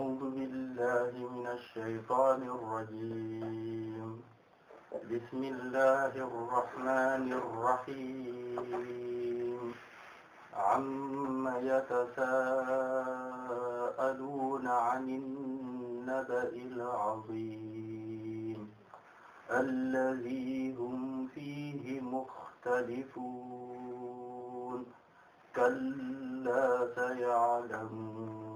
أعوذ بالله من الشيطان الرجيم بسم الله الرحمن الرحيم عم يتساءلون عن النبأ العظيم الذي هم فيه مختلفون كلا سيعلمون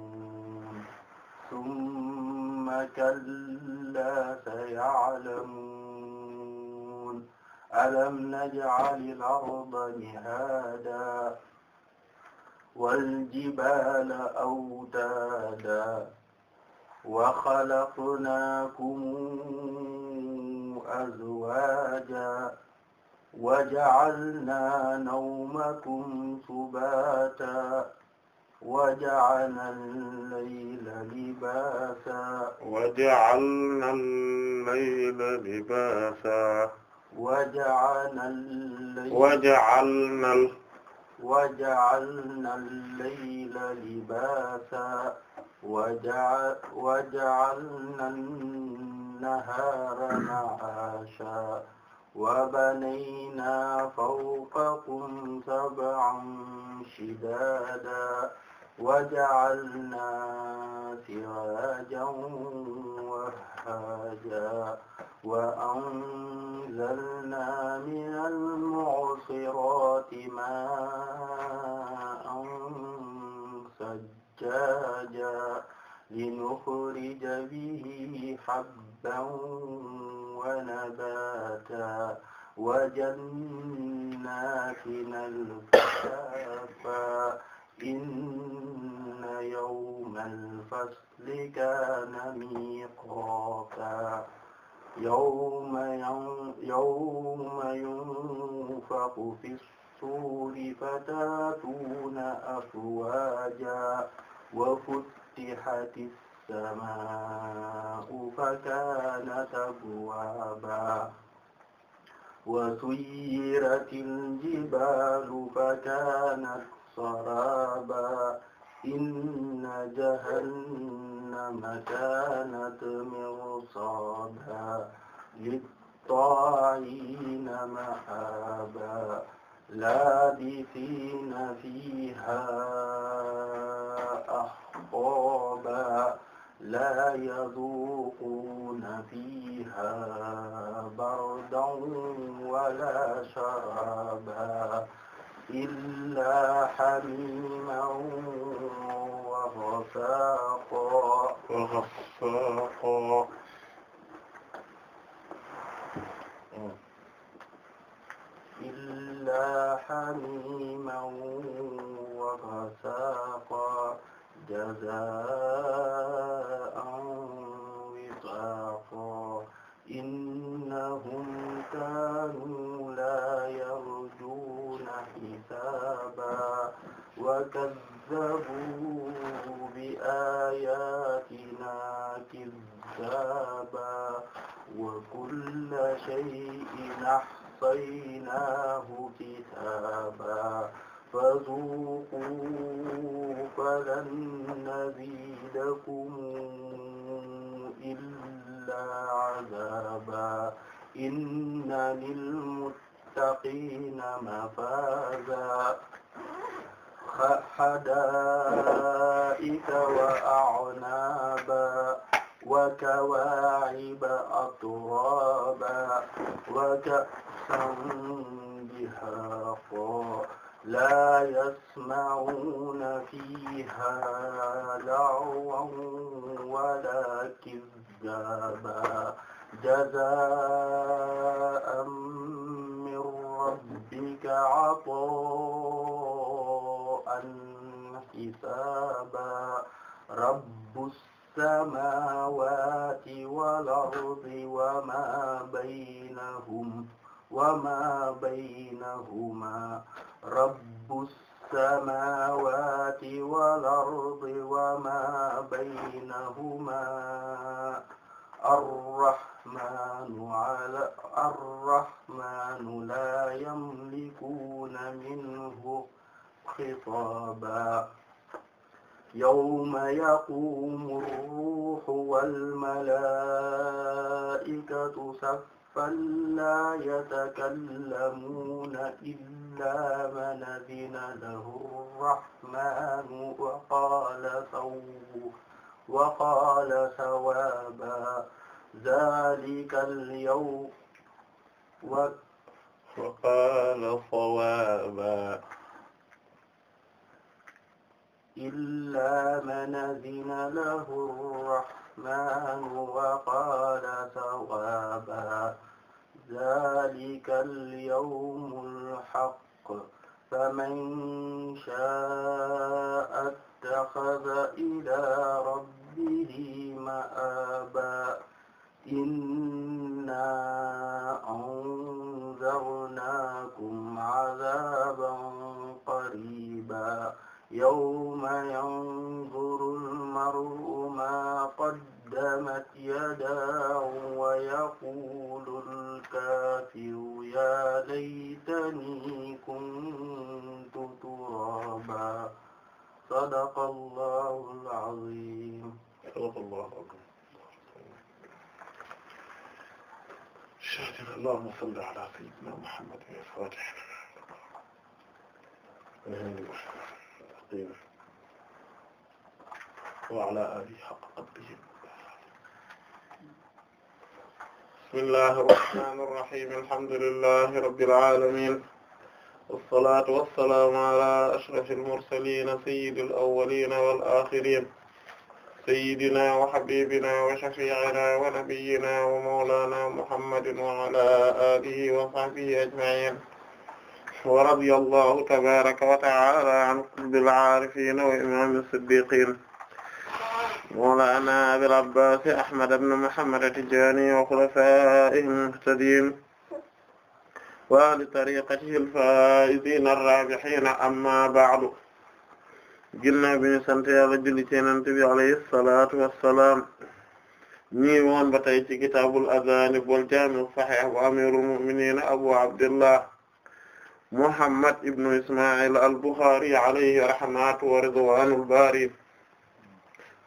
ثم كلا سيعلمون ألم نجعل الأرض مهادا والجبال أوتادا وخلقناكم أزواجا وجعلنا نومكم سباتا وجعلنا الليل لباسا وجعلنا الليل لباسا وجعلنا الليل وجعلنا وجعلنا الليل لباسا وجعلنا النهار معاشا وبنينا فوقكم سبعا شدادا وجعلنا سراجا وهاجا وأنزلنا من المعصرات ماء سجاجا لنخرج به حبا ونباتا وجنات ألفافا inna yawmal fasli kaana miiqaata yawma yawma yunfaxu fi ssuuri fataatuuna afwaajaa wa futtihati ssamaa'u fakaanat abwaabaa wa suyyirati ljibaalu fakaanat سرابا إن جهنم كانت مرصادا للطاغين مآبا لابثين فيها أحقابا لا يذوقون فيها بردا ولا شرابا illaa hamiiman wa ghassaaqan illaa hamiiman wa ghassaaqan jazaa'an wifaaqan innahum kaanu وكذبوا بآياتنا كذابا وكل شيء أحصيناه كتابا فذوقوا فلن نزيدكم إلا عذابا إن للمتقين مفازا حدائق وأعنابا وكواعب أترابا وكأسا دهاقا لا يسمعون فيها لغوا ولا كذابا جزاء من ربك عطاء anna hisaaba rabbus samaawaati wal ardi wa maa baynahum wa maa baynahumaa rabbus samaawaati wal ardi wa maa baynahumaa arrahmaanu alaa arrahmaanu laa yamlikuuna minhu خطابا يوم يقوم الروح والملائكة صفا لا يتكلمون إلا من أذن له الرحمن وقال صوب وقال صوابا ذلك اليوم وقال صوابا إلا من أذن له الرحمن وقال ثوابا ذلك اليوم الحق فمن شاء اتخذ إلى ربه مآبا إنا أنذرناكم عذابا yawma yanzurul mar'u maa qaddamat yadaahu wa yaqulul kaafiru yaa laytanii kuntu turaaban sadaqallaahul aziim. Allahumma salli alaa sayyidinaa Muhammad tayr wa ala alihi haqqa qadrihi bismillahi irrahmani irrahim alhamdulillahi rabbil alamin wassalatu wassalaamu ala ashrafil mursalin sayyidil awwalin wal akhirin sayyidina wa habibina wa shafi'ina wa nabiyyina wa mawlana muhammadin wa ala alihi wa sahbihi ajma'in wa radiyallahu tabaraka wa ta'ala an qutbil aarifin wa imam as-siddiqin mawlana abil abbas ahmad ibn muhammad at-tijani wa khulafa'ihim al-muhtadin wa ahli tariqatihi al-faa'izin ar-raabihin amma ba'du ginnaaw bi ñu sant yàlla julli ci Yonent bi alayhi salaatu wassalaam ñi woon ba tey ci kitaabul adaan bol jaami sahih wa amirul mu'minin abu abdillah Muhammad ibn Isma'il al-Bukhari alayhi rahmatu wa ridwanul bari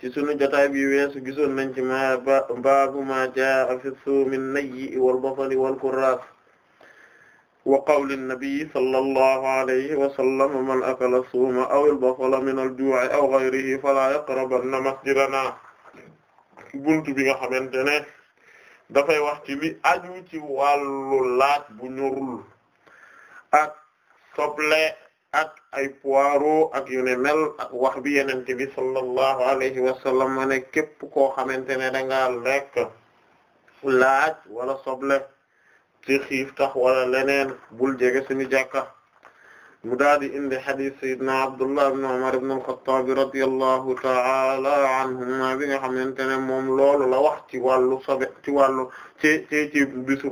ci sunu jotaay bi weesu gisoon nañ ci ma baabu ma jaa fi suumin nayyi wal basali wal kurras wa qawli nabi sallallahu alayhi wa sallam man akala suuma aw al-basala min al-juu'i aw ghayrihi fala yaqrabanna masjidana buntu bi nga xamante ne dafay wax ci li aju ci wàllu laat bu ñorul ak soble ak ay poireaux ak yu ne mel ak wax bi yenente bi sallallahu alayhi wa sallam ma ne képp koo xamante ne da nga lekk laaj wala soble ci xiif tax wala leneen bul jege suñu jàkka mu daal di indi hadith sayyidina Abdullah ibn Umar ibn al-Khattab radiyallahu ta'ala anhuma bi nga xamante ne moom loolu la wax ci ci wàllu ci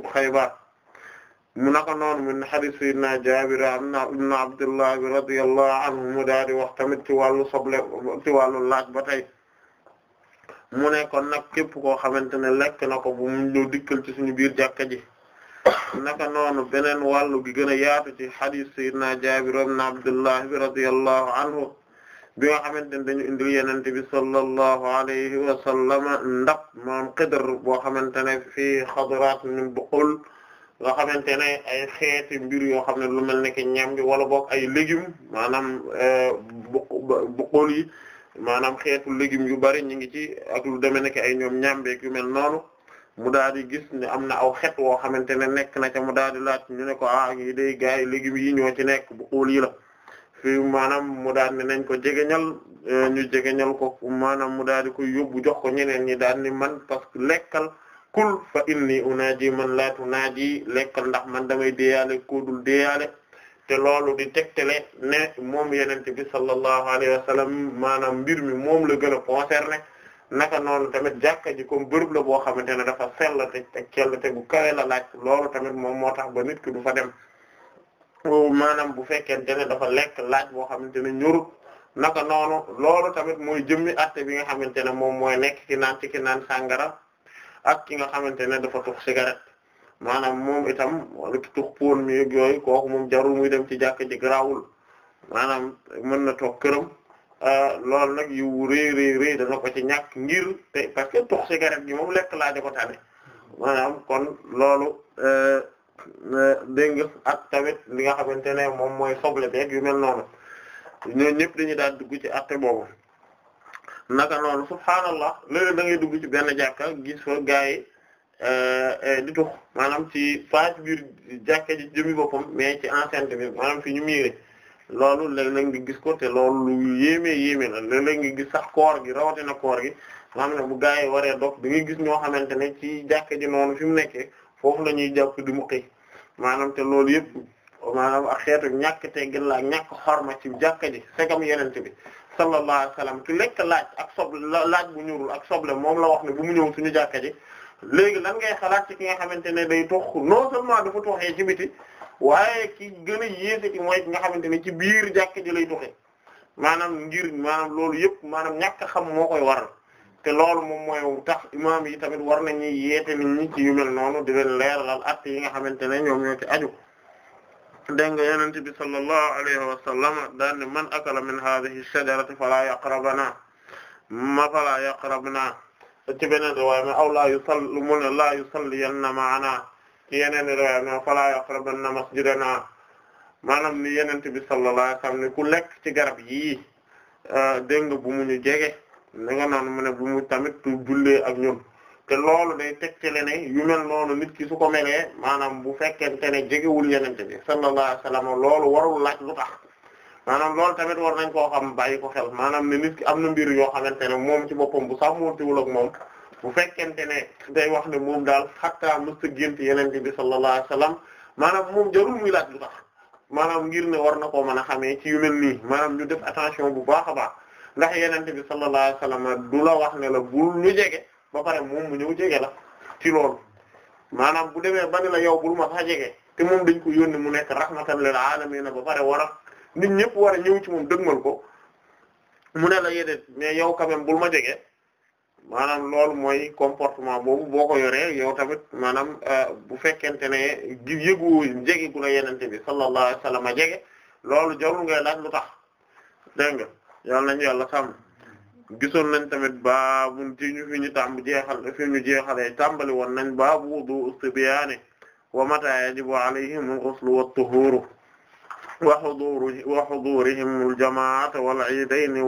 mu naka noonu min hadis sayyidina Jaabir ibn Abdullah radiyallahu anhu mu daal di wax tamit ci wàllu soble ci wàllu laaj ba tey mu ne kon nag képp koo xamante ne lekk na ko bu mu ñëw dikkal ci suñu biir jàkka ji naka noonu beneen wàllu gi gën a yaatu ci hadis sayyidina Jaabir ibn Abdullah radiyallahu anhu bi nga xamante ne dañu indil yenente bi sallallahu alayhi wa sallama ndab maam Xidr boo xamante ne fii xadrat min nga xamante ne ay xeeti mbir yoo xam ne lu mel ne que ñam bi wala boog ay légumes maanaam euh, bokkul yi maanaam xeetu légumes yu bari ñu ngi ci ak lu demee ne ay ñoom ñambeeg yu mel noonu mu daal di gis ne am na aw xeet woo xamante ne nekk na ca mu daal di laaj ñu ne ko ah yi day gars yi légumes yi ñoo ci nekk bokkul yi la fi maanaam mu daal ne nañ ko jegeñal euh, ñu jegeñal ko maanaam mu daal di koy yóbbu jox ko ñeneen ñi daal ni man parce lekkal. kul fa inni unaaji man laa tunaaji lekkal ndax man damay deeyaale ko dul te loolu di tegtale ne moom yenente bi sallallahu alayhi wa sallam maanaam mbir mi moom la gën a concerné naka noonu tamit jàkka kom comme bërëb la boo xamante ne dafa sellate ak kellate bu kawe la laaj loolu tamit moom moo tax ba nit ki du fa dem maanaam bu fekkente ne dafa lekk laaj boo xamante ne ñorut naka noonu loolu tamit mooy jëmmi atte bi nga xamante ne moom mooy nekk ki naan naan sàngara ak ki nga xamante ne dafa tux cigarette maanaam moom itam wala ki tux poon yooyu kooku moom jarul muy dem ci jàkka ji garaawul maanaam mën na toog këram euh, loolu nag yu rëy rëy rëy dana ko ci ñàkk ngir te parce que tux cigarette gi moom lekk laa da ko tane maanaam kon loolu euh, euh, dégg nga ak tamit li nga xamante ne moom mooy soble beeg yu mel noonu ñooñu ñëpp dañuy daal dugg ci àtte boobu. naka noonu subhaanallah léeg-léeg da ngay dugg ci benn jàkka gis fa gaa yi euh, euh, di tux maanaam ci faa ci biir jàkka ji jëmi boppam mais ci enceinte bi maanaam fi ñu miire loolu léeg-léeg nga gis ko te loolu lu yéeme yéeme la léeg-léeg nga gis sax koor gi rawatina koor gi maanaam ne bu gaa yi waree dox da ngay gis ñoo xamante ne ci jàkka ji noonu fi mu nekkee foofu la ñuy jàpp di mu muqi maanaam te loolu yëpp maanaam ak xeetu ñàkk teggin la ak ñàkk xor ma ci jàkka ji segam yenente bi sallallahu alayhi wa sallam ci lekk laaj ak soble laaj bu ñuulul ak soble moom la wax ne bu mu ñëw suñu jàkka ji léegi lan ngay xalaat ci ki nga xamante ne day tox non seulement dafa toxee ci biti waaye ki gën a yéese ci mooy ki nga xamante ne ci biir jàkka ji lay toxee maanaam ngir maanaam loolu yëpp maanaam ñàkk a xam moo koy waral te loolu moom mooy tax imaam yi tamit war nañuy yeete nit ñi ci yu mel noonu di leen leeralal at yi nga xamante ne ñoom ñoo ci aju dégg nga yonent bi sallallahu alayhi wa sallam daan ne man akala min hadhihi shajarati fala yaqrabana ma fala yaqrabna ci beneen riwaaya ma aw la yusalli mu ne la yusalliyanna ma'ana ci yeneen riwaaya ma fala yaqrabanna masjidana maanaam ni yonent bi sallallahu alayhi wa sallam ne ku lekk ci garab yii euh, dégg nga bu mu ñu jege da nga naan mu ne bu mu tamit jullee ak ñun te loolu day tegtale ne yu mel noonu nit ki su ko melee maanaam bu fekkente ne jegewul yenente bi sallallahu alayhi wasallam loolu warul laaj lu tax maanaam loolu tamit war nañ koo xam bàyyi ko xel maanaam ne nit ki am na mbir yoo xamante ne moom ci boppam bu sàmmontiwul ak moom bu fekkente ne day wax ne moom daal xattaa mësta gént yenente bi sallallahu alayhi wasallam maanaam moom jarul muy laaj lu tax maanaam ngir ne war na koo mën a xamee ci yu mel maanaam ñu def bu baax a baax ndax yenente bi sallallahu alayhi wasallam du la wax ne la bul ñu jege ba pare moom mu ñëw jege la ci loolu maanaam bu demee ba ne la yow bul ma sax jege te moom dañ ko yónni mu nekk rahmatan lil alamin ba pare war a nit ñëpp war a ñëw ci moom dëgmal ko mu ne la yedet mais yow quand même bul ma jege maanaam loolu mooy comportement boobu boo ko yoree yow tamit maanaam euh, bu fekkente ne gis yëgu jege gu la yenente bi sallallahu alayhi jege loolu jarul ngay laaj lu tax dégg nga yàlla nañu yàlla sàmm gisoon nañ tamit baabu ci ñu fi ñu tàmb jeexal fi ñu jeexalee tàmbali woon nañ baabu wudu istibyaani wa mata yajibu alayhim al-ghuslu wat-tuhuru wa huduru wa hudurihim al-jama'ata wal-'idayni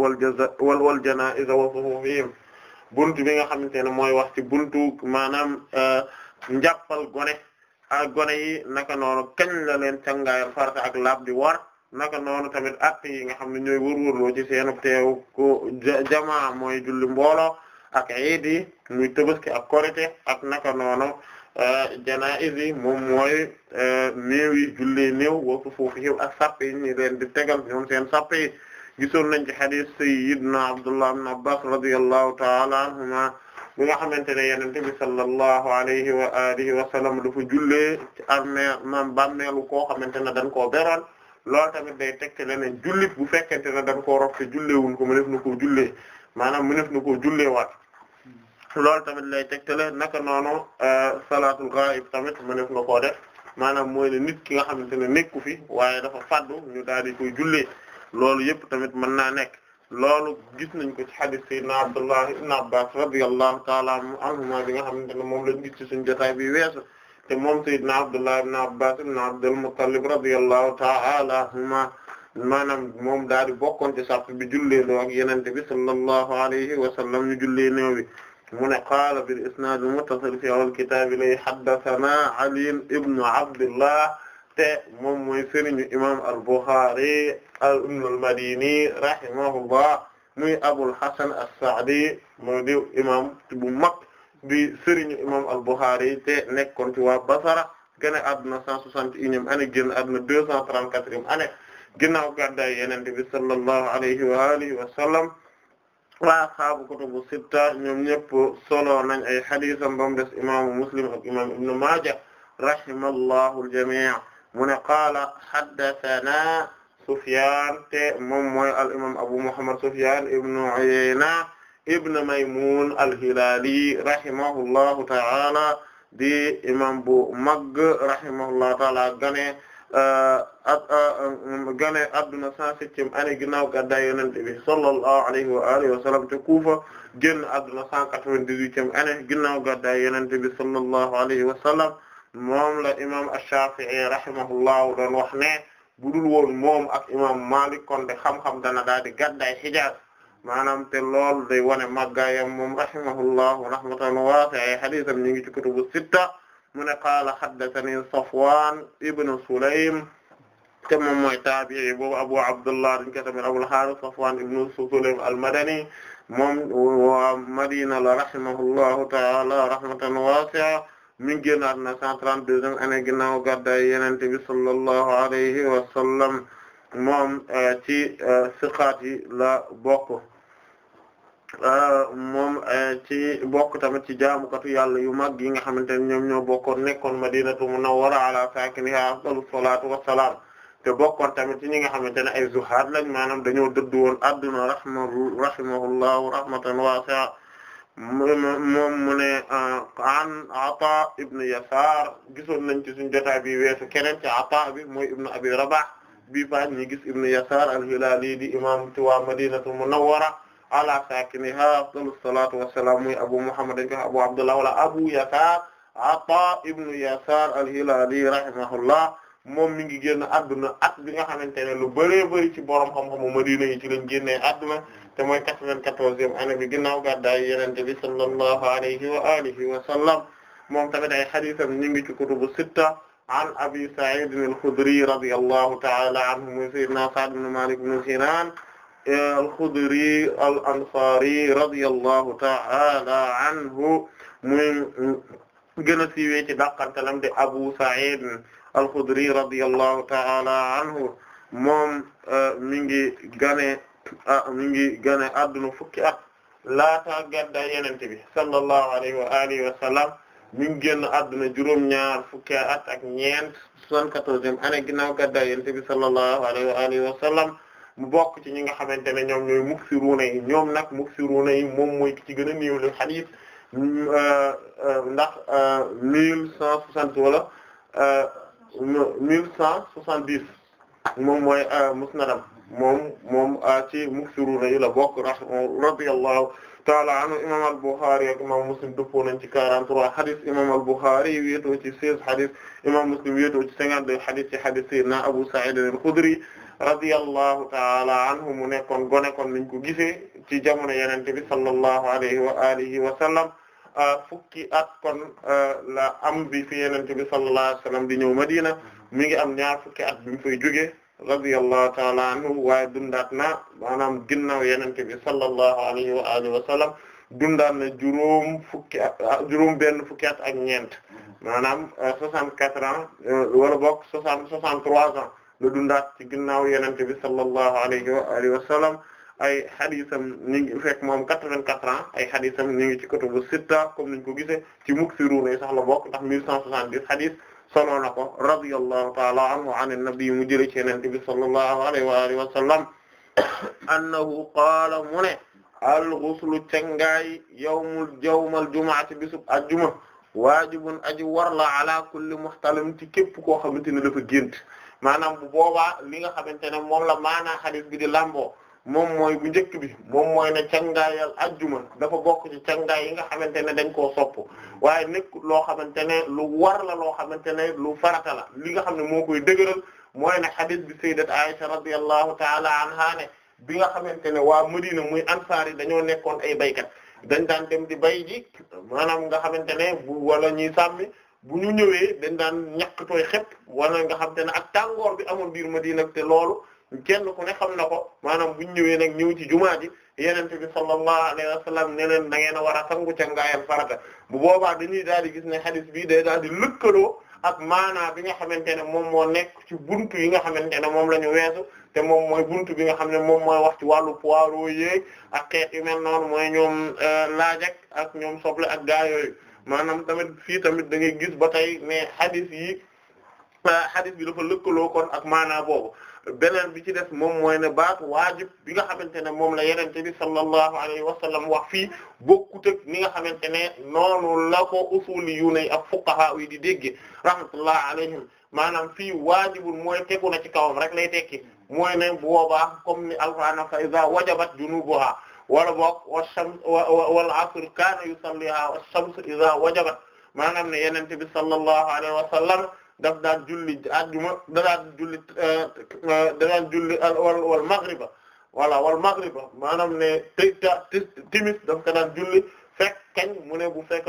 wal-janaa'iza wa suhufihim buntu bi nga xamante ne mooy wax ci buntu maanaam euh, njàppal gone ak gone yi naka noonu kañ la leen cangaayal farata ak laab di war naka noonu tamit at yi nga xam ne ñooy wërwërloo ci seen teew ko jamaa mooy julli mbooloo ak iid yi muy Tabaski ak Korite ak naka noonu euh, janaa'iz yi moom mooy euh, néew yi julli néew wa sufuufihim ak sàpp yi ñu di tegal ñoom seen sàpp gisoon nañ ci hadith sayyidina Abdullah ibn Abbas radiyallahu ta'ala anhuma bi nga xamante ne yenente bi sallallahu alayhi wa alihi wa sallam dafa jullee ci armée mam bàmmeelu koo xamante ne dañ koo loolu tamit day tegtale ne jullit bu fekkente ne dañ koo rob te julleewuñ ko mëneef na koo jullee maanaam mëneef na koo julleewaat hmm. loolu tamit lay tegtale naka noonu euh, salaatul ghaib tamit mëneef na koo def maanaam mooy ne nit ki nga xamante ne nekku fi waaye dafa faddu ñu daal di koy jullee loolu yëpp tamit mën naa nekk loolu gis nañ ko ci hadith sayyidina Abdullah ibn Abbas radiyallahu ta'ala anhuma bi nga xamante ne moom la gis ci suñ jotaay bi weesu te moom sayyidna Abdullah ibn Abbas ibn Abdul Muttalib radiyallahu ta'ala anhuma maanaam moom daal di bokkoon ci sàpp bi julleendoo ak yenente bi sallallahu alayhi wa sallam ñu jullee néew bi mu ne qaala bil isnaad al-muttasil fi awwal kitaab lay haddathanaa Ali ibn Abdillah te moom mooy sëriñu imaam al-Bukhari ibn al-Madini rahimahullah muy Abul Hasan as-Sa'di moo di imaam bu mag bi sëriñu imam al-Bukhari te nekkoon ci waa Basara gën a adduna cent soixante et unième année génn adduna deux cent trente-quatrième année ginnaaw gàddaay Yonent bi sallallahu alayhi wa alihi wa sallam waa ashaabu kutubu ñoom ñëpp solo nañ ay hadiisam bam des imaamu Muslim ak imam Ibn Maaja rahimallahu al-jamii' mu ne qaala haddathanaa Sufyaan te moom mooy al imam Abu Muhammad Sufyaan ibn Uyayna ibn Maymun al-Hilali rahimahullahu ta'ala di imam bu mag rahimahullahu ta'ala gane uh, at uh, gane adduna cent septième année ginnaaw gàddaay Yonent bi sallallahu alayhi wa alihi wa sallam te Kufa génn adduna cent quatre-vingt-dix-huitième année ginnaaw gàddaay Yonent bi sallallahu alayhi wa sallam moom la imam Ash-Shafi'i rahimahullahu doon wax ne budul woon moom ak imam Malik kon de xam-xam dana daal di gàddaay Hijaz maanaam te lool day wane màggaayam moom rahimahullahu rahmatan waasi'a hadiisam ñu ngi ci kutubu sitta mu ne qaala haddathanii Safwaan ibn Sulaym te moom mooy taabi'i boobu Abu Abdullah dañu koy tamit Abul Haaris Safwaan ibn Sulaym al-Madani moom waa Madina la rahimahullahu ta'ala rahmatan waasi'a mi ngi génnaat na 132 année ginnaaw gàddaay Yonent bi sallallahu alayhi wa sallam moom eh, ci eh, siqaat yi la bokk. Euh, moom euh, ci bokk tamit ci jaamukatu yàlla yu mag yi nga xamante ne ñoom ñoo bokkoon nekkoon madinatu munawwara ala saakiniha afdalu salaatu wassalaam te bokkoon tamit ci ñi nga xamante ne ay zuhaad lañ maanaam dañoo dëdd woon adduna rahma rahimahullahu rahmatan waasi'a moom mu ne euh, an Ata ibn Yasaar gisoon nañ ci suñu jotaay bi weesu keneen ci Ata bi mooy ibn Abi Rabah bi fa ñi gis ibn Yasaar al-Hilaali di imaam ci waa madinatu munawwara ala sakiniha afdalu salatu wassalam muy abu muhammad dañ ko abu abdullah wala abu yasar ata ibnu yasar al-hilali rahimahullah moom mi ngi génn adduna at bi nga xamante ne lu bëree bëri ci borom xam-xamu madina yi ci lañ génnee adduna te mooy quatre-vingt-quatorzième année bi ginnaaw gàddaay yenente bi sallallahu alayhi wa alihi wa sallam moom tamit ay xadiisam ñu ngi ci kutubu sitta an abi sa'id al-khudri radiyallahu ta'ala anhu muy sayyidina sa'd ibn malik ibn sinan al-Khudri al-Ansari radiyallahu ta'ala anhu muy gën a siiwee ci dàqantalam de Abu Sa'id al-Khudri radiyallahu ta'ala anhu moom euh, mi ngi gane ah, mi ngi gane adduna fukki at laata gàddaay Yonent bi sallallahu alayhi wa alihi wa sallam mi ngi génn adduna juróom-ñaar fukki at ak ñeent soixante-quatorzième année ginnaaw gàddaay Yonent bi sallallahu alayhi wa alihi mu bokk ci ñi nga xamante ne ñoom ñooy muksiruuna yi ñoom nag muksiruuna yi moom mooy ki ci gën a néew li xadiis euh, ndax euh, mille cent soixante wala euh, mille cent soixante dix moom mooy musnadam moom moom ci muksiruuna yi la bokk ra radiyallahu taala anhu imam al-Bukhari ak imam Muslim dëppoo nañ ci 43 hadith imam al-Bukhari wéetoo ci 16 hadith imam Muslim wéetoo ci 52 hadith ci hadith sayyidina Abu Sa'id al-Khudri radiyallahu taala anhu mu nekkoon gone kon niñ ko gisee ci jamono Yonent bi sallallahu alayhi wa alihi wa sallam ah, fukki at kon ah, la am bi fi Yonent bi sallallahu alayhi di ñëw Madina mi ngi am ñaar fukki at bi mu fay jóge radiyallahu taala anhu waaye dundaat na maanaam ginnaaw Yonent bi sallallahu alayhi wa alihi wa sallam dundaat na juróom fukki at ah, juróom benn fukki ak ñeent maanaam soixante-quatre ans euh, wala bokk soixante-trois ans lu dundaat ci ginnaaw yenente bi sallallahu alayhi wa alihi wa sallam ay xadisam ñu ngi fekk moom quatre-vingt-quatre ans ay xadisam ñu ngi ci kutubu sitta comme niñ ko gisee ci muksiruun yi sax la bokk ndax mille cent soixante-dix xadis solo na ko radiyallahu ta'ala anhu an an-nabi mu jële ci yenente bi sallallahu alayhi wa alihi wa sallam annahu qaala mu ne al-ghuslu cangaay yawmul yawmal jumu'ati bisub aljuma waajibun aji war la ala kulli muhtalim ci képp koo xamante ne dafa gént maanaam bu boobaa li nga xamante ne moom la maanaa xadis bi di lamboo moom mooy bu njëkk bi moom mooy ne cangaayal ajjuma dafa bokk cangaay yi nga xamante ne dañ koo sopp waaye nekk loo xamante ne lu war la loo xamante ne lu farata la li nga xam ne moo koy dëgëral mooy na xadis bi sayyidat Aisha radiyallahu taala anha ne bi nga xamante ne waa Madina muy ansaar dañoo nekkoon ay baykat dañ daan dem di bay ji maanaam nga xamante ne wala ñuy sàmmi bu ñu ñëwee dañ daan ñàkk tooy xepp wala nga xam te ne ak tàngoor bi amoon biir ma Madina te loolu kenn ku ne xam na ko maanaam bu ñu ñëwee nag ñëw ci jumaa ji yenente bi sallallahu alayhi wa sallam ne leen da ngeen a war a sangu cangaayal farata bu boobaa dañuy daal di gis ne hadith bii de daal di lëkkaloo ak maanaa bi nga xamante ne moom moo nekk ci buntu yi nga xamante ne moom la ñu weesu te moom mooy buntu bi nga xam ne moom mooy wax ci wàllu poireaux yeeg ak xeet noonu mooy ñoom euh, laaj ak ñoom soble ak gaa yooyu maanaam tamit fii tamit da ngay gis ba tey ne hadith yi hadith bi dafa lëkkaloo kon ak maanaa boobu beneen bi ci def moom mooy ne baatu waajib bi nga xamante ne moom la yenente bi sallallahu alayhi wa sallam wax fii bokkutëg ni nga xamante ne noonu la ko usuli yu ne ak fuqaha yi di dégge rahmatullah alayhim maanaam fii waajibul mooy tegu na ci kawam rek lay tekki mooy ne boobaa comme ni alquran fa iza wajabat junubuha wala boog wa shams wal asr kaana yusalliha wa shams idha wajabat maanaam ne yenente bi sallallahu alayhi wa sallam daf daan julli ajjuma da daan julli eh, eh, da daan julli wal wal maghriba wala wal maghriba maanaam ne timis daf ko julli fekk mu ne bu fekk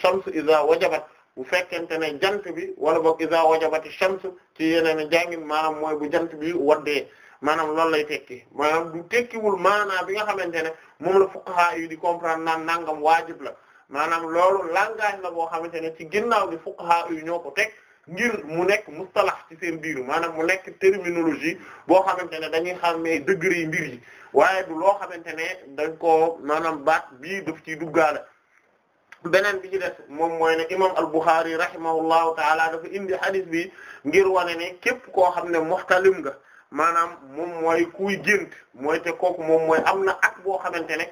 shams idha wajabat bu fekkente ne jant bi wala boog idha wajabati shams ci yeneen jàngin maanaam mooy bu jant bi waddee maanaam loolu lay tekki maanaam du tekkiwul maanaam bi nga xamante ne moom la fuqaha yi di comprendre naan nangam waajib la maanaam loolu langage la boo xamante ne ci ginnaaw bi fuqaha yi ñoo ko teg ngir mu nekk mustalax ci seen biir maanaam mu nekk terminologie boo xamante ne dañuy xàmmee degré yi mbir yi waaye du loo xamante ne dañ ko maanaam baat bii daf ciy duggaale beneen bi ci des moom mooy ne imam al-Bukhari rahimahullahu taala dafa indi hadith bi ngir wane ne képp koo xam ne muhtalim nga maanaam moom mooy kuy gént mooy te kooku moom mooy am na at boo xamante ne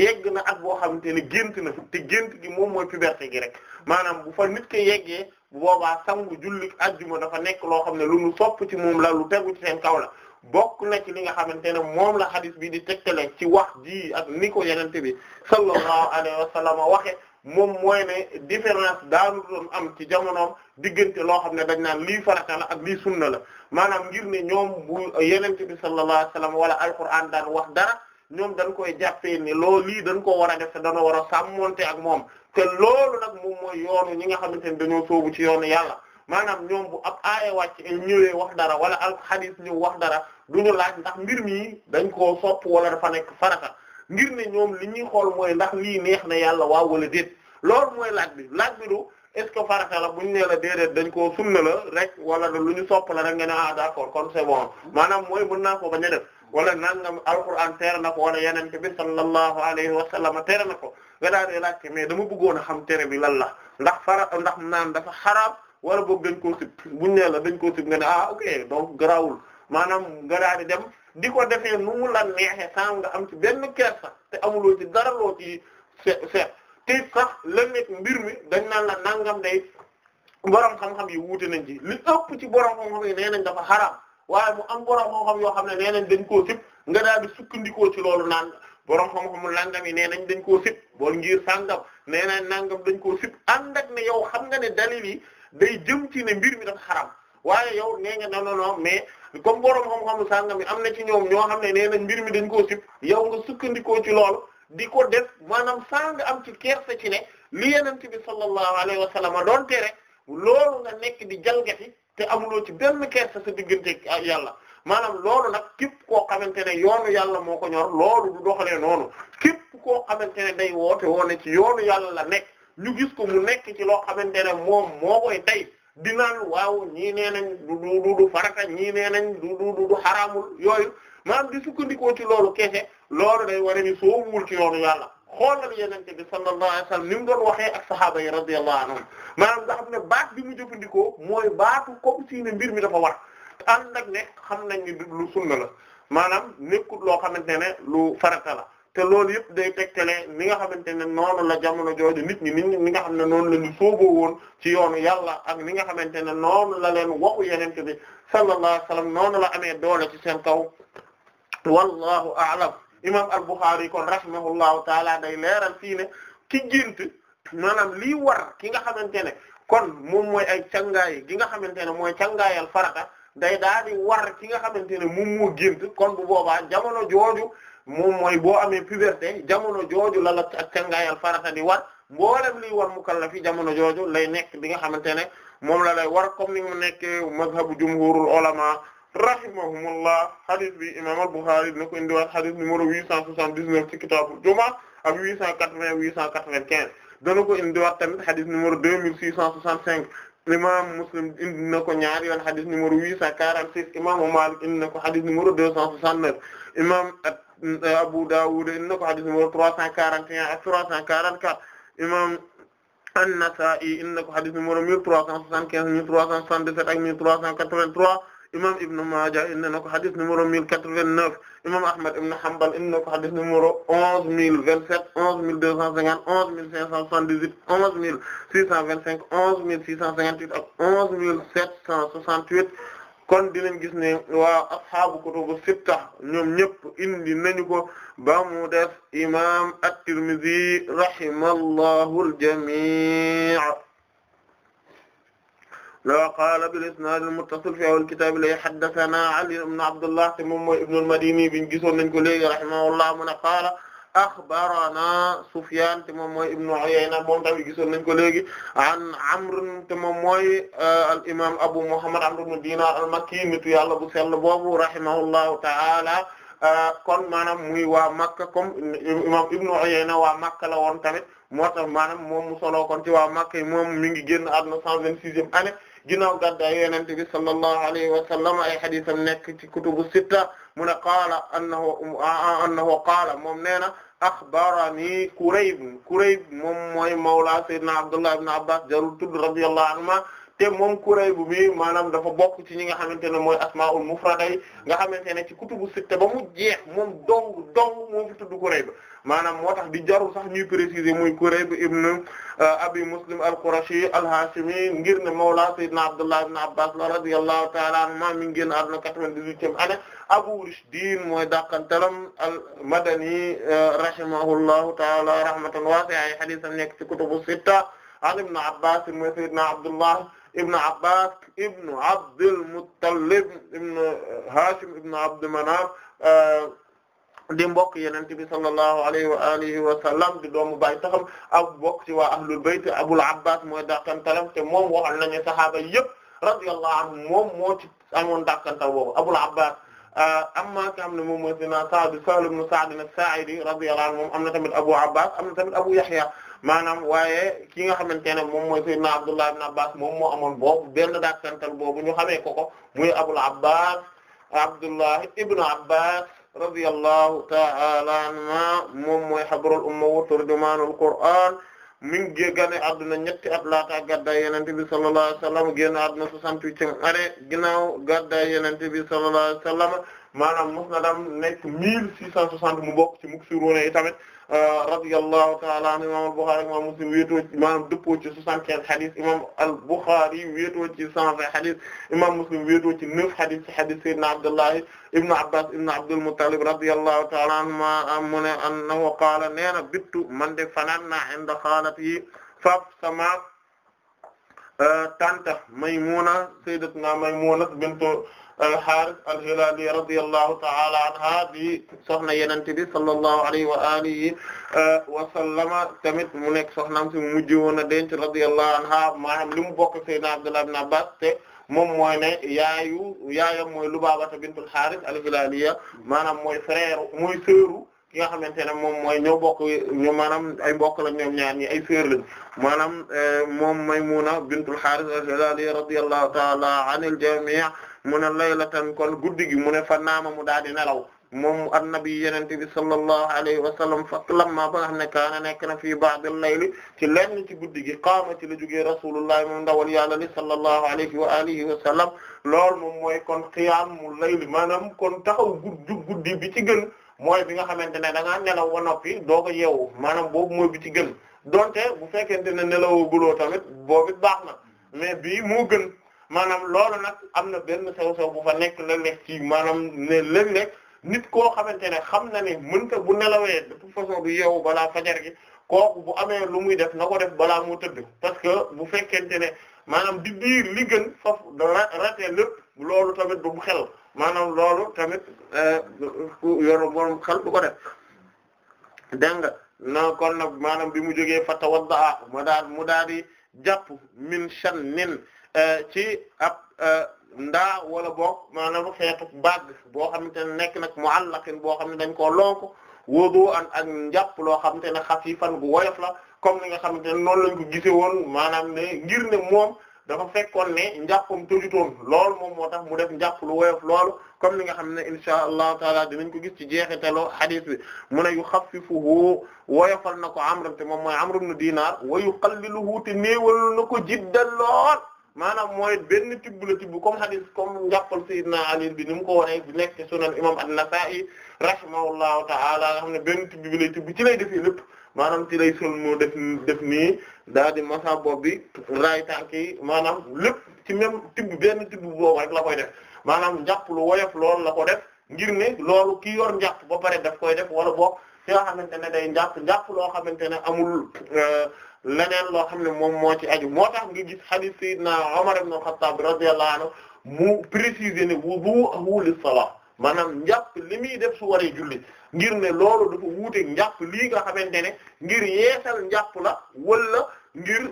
yegg na at boo xamante ne gént na te gént gi moom mooy puberté gi rek maanaam bu fa nit ko yeggee bu boobaa sangu julli ajjuma dafa nekk loo xam ne lu nu sopp ci moom la lu tegu ci seen kaw la bokk na ci li nga xamante ne moom la hadith bi di tegtale ci wax ji ak ni ko yenente bi sallallahu alayhi wa sallam waxe moom mooy ne différence daanu doon am ci jamonoom diggante loo xam ne dañ naan lii farata la ak lii sunna la maanaam ngir ne ñoom bu yenente bi sallallahu alayhi wasallam wala alquran daan wax dara ñoom dañ koy jàppee ni loo lii dañ ko war a def te dañoo war a sàmmonte ak moom te loolu nag moom mooy yoonu ñi nga xamante ne dañoo sóobu ci yoonu yàlla maanaam ñoom bu ab aaya wàcc ñëwee wax dara wala al hadith ñu wax dara ñu laaj ndax mbir mi dañ ko sopp wala dafa ngir ne ñoom li ñuy xool mooy ndax lii neex na yàlla waa wala déet loolu mooy laaj bi laaj bi du est ce la bu ñu nee la déedéet dañ koo sunna la rek wala lu ñu sopp la rek ngeen ne ah d'accord kon c'est bon maanaam mooy mën naa ko bañ a def wala nangam alquran tere na ko wala yeneen bi sallallahu alayhi wa sallam tere ko nga daal di laajte mais dama bëggoon a xam tere bi lan la ndax fara ndax naan dafa xaraam wara boog dañ koo bu buñ nee la dañ koo sib nga ne ah ok donc garaawul maanaam nga daal di dem di ko defee nu mu la neexee nga am ci benn kersa te amuloo ci dara loo ci seet seet te sax la mbir mi dañ naan la nangam day borom xam-xam yi wuute nañ ci li ëpp ci borom xam-xam yi nee nañ dafa xaraam waaye mu am borom xam-xam yoo xam ne nee dañ koo sib nga daal di sukkandikoo ci loolu naan borom xam-xamu nangam yi nee nañ dañ koo sib bool ngir sàngam nee nangam dañ koo sib ànd ne yow xam nga ne dalil yi day jëm ci ne mbir mi dafa xaram waaye yow nee nga non non mais comme borom xam-xamu sàngam yi am na ci ñoom ñoo xam ne nee nañ mbir mi dañ koo sib yow nga sukkandikoo ci loolu di ko def maanaam saa nga am ci kersa ci ne li ci bi sallallahu alayhi wa sallam doon tere loolu nga nekk di jalgati te amuloo ci benn kersa sa diggante ak yàlla maanaam loolu nag képp koo xamante ne yoonu yàlla moo ko ñor loolu du doxalee noonu képp koo xamante ne day woote woone ci yoonu yàlla la nekk ñu gis ko mu nekk ci loo xamante ne moom moo koy day di waaw ñii nee nañ du du du farata ñii nee nañ du du du xaraamul yooyu maanaam di sukkandikoo ci loolu kese loolu day wara ni soowul ci yoonu yàlla xoolal yenente bi sallallahu alayhi wasallam ni mu doon waxee ak sahaaba yi radiyallahu anhum maanaam nga xam ne baat bi mu jëfandikoo mooy baatu ko si mbir mi dafa war ànd ak ne xam nañ ni lu sunna la maanaam nekkul loo xamante ne lu farata la te loolu yëpp day tegtale ni nga xamante ne noonu la jamono jooju nit ñi nit ñi nga xam ne noonu la ñu sooboo woon ci yoonu yàlla ak ni nga xamante ne noonu la leen waxu yeneen bi sallallahu alayhi wasallam noonu la amee doole ci seen kaw wallahu a'lam imam al-Bukhari kon rahimahullahu taala day leeral fii ne ki gént maanaam li war ki nga xamante ne kon moom mooy ay cangaay ki nga xamante ne mooy cangaayal farata day daal di war ki nga xamante ne moom moo gént kon bu boobaa jamono jooju moom mooy boo amee puberté jamono jooju la la ak cangaayal farata di war mboolem liy war mukallafi jamono jooju lay nekk di nga xamante ne moom la lay war comme ni mu nekkee mazhabu jumhurul ulama rahimahumullah hadith bi imam al-Bukhari dina ko indiwaat hadith numéro 879 ci kitabul juma ak 880 895 dana ko indiwaat tamit hadith numéro 2665 imam Muslim indi na ko ñaari yoon hadith numéro 846 imam Malik indi na ko hadith numéro imam uh, Abu Dawud indi na ko hadith numéro trois cent quarante et trois cent quarante quatre imam An-Nasa'i indi na ko hadith numéro mille trois cent soixante quinze mille trois cent soixante sept ak mille trois cent quatre vingt trois imam Ibn Maaja indi na ko hadith numéro mille quatre vingt neuf imam Ahmad ibn Hanbal indi na ko hadith onze mille vingt sept onze mille deux cent cinquante onze mille cinq cent soixante dix huit onze mille six cent kon dinañ gis ne waa ashaabu kutubu sitta ñoom ñëpp indi nañu ko ba mu def imam at-Tirmidhi rahimallahu al-jamii' la qaala bil isnaad al-muttasil fi awwal kitaab li haddathana Ali ibn Abdullah te moom mooy ibn al-Madini biñ gisoon nañ ko léegi rahimahullah mun qaala axbarana Sufyaan te moom mooy ibnu Uyayna moom tamit gisoon nañ ko léegi an Amr te moom mooy euh, al imaam Abu Muhammad Amr ibn Dinar al-Makki nitu yàlla bu sell boobu rahimahullahu ta'ala euh, kon maanaam muy waa Makka comme imaam ibnu Uyayna waa Makka la woon tamit moo tax maanaam moom mu solo kon ci waa Makka moom mi ngi génn àdduna 126e année ginnaaw gàddaay Yonent bi sallallahu alayhi wa sallam ay hadiisam nekk ci kutubu sitta mu ne qaala annahu annahu qaala moom nee na axbarani Kurayb Kurayb moom mooy mawla sayyidina Abdullah ibn Abbas jarul tudd radiyallahu anhuma te moom Kurayb bi maanaam dafa bokk ci ñi nga xamante ne mooy asmaul mufrada yi nga xamante ne ci kutubu sitta ba mu jeex moom dong dong moom tudd Kurayb maanaam moo tax di jarul sax ñuy préciser muy Kurayb ibn euh, abi Muslim al-Qurashi al-Hashimi ngir ne mawla sayyidina Abdullah ibn Abbas radiyallahu ta'ala anhuma mi ngi génn àdduna 98e année Abu Rishdin mooy dàqantalam al-Madani euh, rahimahullahu ta'ala rahmatan wasi'a ay hadith am nekk ci kutubu sitta an ibn Abbas mooy sayyidina Abdullah ibn Abbas ibn Abdul Muttalib ibn Hashim ibn Abd Manaf euh, di mbokk yenente bi sallallahu alayhi wa alihi wa sallam di doomu bàyyi taxam ak bokk ci waa ahlul bayt Abul Abbas mooy dàkkantalam te moom waxal nañu sahaaba yépp radiyallahu anhum moom moo ci amoon dàkkantal boobu Abul Abbas euh, amma ki am ne moom mooy sina Sa'd Sahl ibn Sa'd as-Sa'idi radiyallahu anhu moom am na tamit Abu Abbas am na tamit Abu Yahya maanaam waaye kii nga xamante ne moom mooy sayyidna Abdullah ibn Abbas moom moo amoon boobu benn daak santal boobu ñu xamee ko ko muy Abul Abbas Abdullah ibn Abbas radiyallahu ta'ala anhuma moom mooy habrul umma wa turjumanul Qur'an mi ngi génn àdduna ñetti at laata gàddaay Yonent bi sallallahu alayhi wasallam génn àdduna 68e année ginnaaw gàddaay Yonent bi sallallahu alayhi wasallam maanaam musnadam nekk 1660 mu bokk ci muksiruna yi tamit radiyallahu ta'ala anhu imam al-Bukhari imam Muslim wéetoo ci maanaam dëppoo ci soixante-quinze hadith imam al-Bukhari wéetoo ci cent vingt hadith imam Muslim wéetoo ci neuf hadith ci hadith sayyidina Abdullahi ibn Abbas ibn Abdul Muttalib radiyallahu ta'ala anhuma mu ne annahu qaala nee na bittu man de fanaan naa inda xaalati faaf sama euh, tanta Maymuna sayyidatuna Maymuna bintu al-Haaris al-Hilaali radiyallahu ta'ala anha di soxna Yonent bi sallallahu alayhi wa alihi uh, wa sallama tamit mu nekk soxnaam si mu mujj woon a denc radiyallahu anha maanaam li mu bokk Seydina Abdullah ibn Abbas te moom mooy ne yaayu yaayam mooy Lubaabata bintul Haaris al-Hilaaliya maanaam mooy frère mooy sœuru ki nga xamante ne moom mooy ñoo bokk ñu maanaam ay mbokk la ñoom ñaar ñi ay sœur lañ maanaam eh, moom Maymuna bintul Haaris al-Hilaali radiyallahu ta'ala anil jamii' mu ne laylatan kon guddi gi mu ne fa naama mu daal di nelaw moom annabi yenente bi sallallahu alayhi wa sallam fa lamma ba nga xam ne kaana nekk na fii ba'd al-layli ci lenn ci guddi gi qaama ci la jógee rasulullahi moom ndawal yàlla li sallallahu alayhi wa alihi wa sallam loolu moom mooy kon qiyaamul layli maanaam kon taxaw guddi guddi bi ci gën mooy bi nga xamante ne da nelaw ba noppi doo ko yeewu maanaam boobu mooy bi ci gën donte bu fekkente ne nelawoo guloo tamit boobu baax na mais bii moo gën maanaam loolu nag am na benn sew-sew bu fa nekk léeg-léeg ci maanaam ne léeg-léeg nit koo xamante ne xam na ne mënta bu nelawee de toute façon du yeewu balaa fajar gi kooku bu amee lu muy def na ko def balaa moo tëdd parce que bu fekkente ne maanaam di biir li gën faf raté lépp loolu tamit du bu xel maanaam loolu tamit euh, ku yor borom xel du ko def dégg nga na kon nag maanaam bi mu jógee fa tawaddaa mu daal mu daal di jàpp min shannin euh, ci ab euh, ndaa wala boog maanaam xeetu bàgg boo xamante ne nekk nag mu'allaqin boo xam ne dañ koo lonk wudu an ak njàpp loo xamante ne xafifan gu woyof la kom ni nga xamante ne noonu lañ ko gise woon maanaam ne ngir ne moom dafa fekkoon ne njàppam tojutoon loolu moom moo tax mu def njàpp lu woyof loolu comme ni nga xam ne insha allahu taala dinañ ko gis ci jeexitalo hadith bi mu ne yuxaffifuhu woyofal na ko Amr te moom mooy Amr ibn Dinar wa yuqalliluhu te néewal na ko jiddan lool maanaam mooy benn tibb la tibb comme hadith comme njàppal Sayyidina Ali bi ni mu ko wone bi nekk ci sunan imam an-Nasa'i rahimahullahu taala nga xam ne benn tibb bi lay tibb ci lépp maanaam ci lay sol moo def def nii daal di masa bi raay tànk yi maanaam lépp ci même tibb benn tibb boobu rek la koy def maanaam njàpp lu woyof la ko def ngir ne loolu ki yor njàpp ba pare daf koy def wala bo ci nga xamante ne day njàpp njàpp loo xamante ne amul leneen loo xam ne moom moo ci aju moo tax ngi gis hadith sayyidina Umar ibn Khattab radiyallahu anhu mu préciser ne wudu'uhu lis-salat maanaam njàpp li def su waree julli ngir ne loolu dafa wuuteeg njàpp lii nga xamante ne ngir yeesal njàpp la wala ngir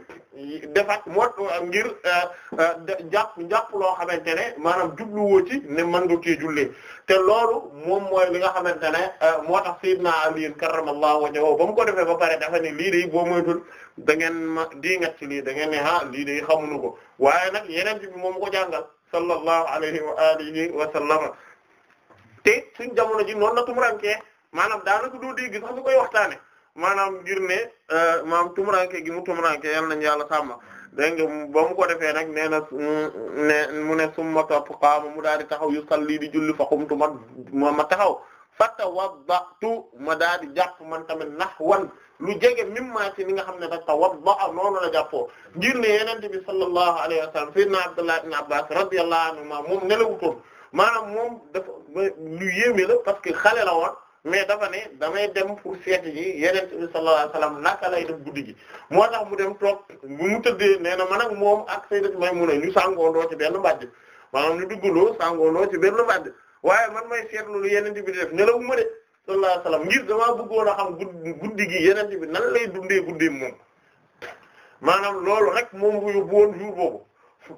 defat moo ngir euh, euh, jàpp njàpp loo xamante ne maanaam jubluwoo ci ne mën nga cee julli te loolu moom mooy li nga xamante ne euh, moo tax Sayyidina Ali karramallahu wajhahu ba mu ko defee ba pare dafa lii de boo moytul da ngeen ma dii nga ci lii da ngeen ne ah lii de xamuñu ko waaye nag yeneen bi moom ko jàngal sallallahu alayhi wa alihi wa sallam te suñ jamono ji noonu la tumuranke maanaam daanaka doo dégg sax ñu koy waxtaane maanaam ngir ne euh, maam tumuranke gi mu tumuranke yal nañu yàlla sàmma dégg nga ba mu ko defee nag nee na ne mu ne summa topp qaama mu daal di taxaw yu salli di julli fa xumtu ma ma ma taxaw fatawaddatu ma daal di jàpp man tamit nahwan lu jege mimma ci li nga xam ne rek tawadda noonu a jàppoo ngir ne yonent bi sallallahu alayhi wa sallam sayyidina Abdullah ibn Abbas radiyallahu anhu moom nelawutoon maanaam moom dafa lu yéeme la parce que xale la woon mais dafa ne damay dem pour seeti yi yeneen bi sallallahu alayhi wasallam naka lay def guddi gi moo tax mu dem toog bu mu tëddee nee na man ak moom ak Sayyidat Maymuna ñu sàngoondoo ci benn mbàjj maanaam ñu dugguloo sàngoondoo ci benn mbàjj waaye man may seetlu lu yeneen bi def nelawu ma de sallallahu alayhi wasallam ngir damaa bëggoon a xam guddi gi yeneen bi nan lay dundee guddi moom maanaam loolu rek moom ko yóbbu woon yuur boobu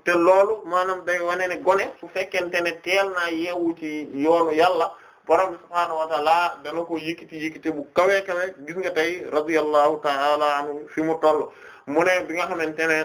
te loolu maanaam day wane ne gone su fekkente ne teel naa yeewu ci yoonu yàlla borom subhaanahu wa taala dana ko yëkkati bu kawee kawe gis nga tey radiyallahu taala anhu fi mu toll mu ne bi nga xamante ne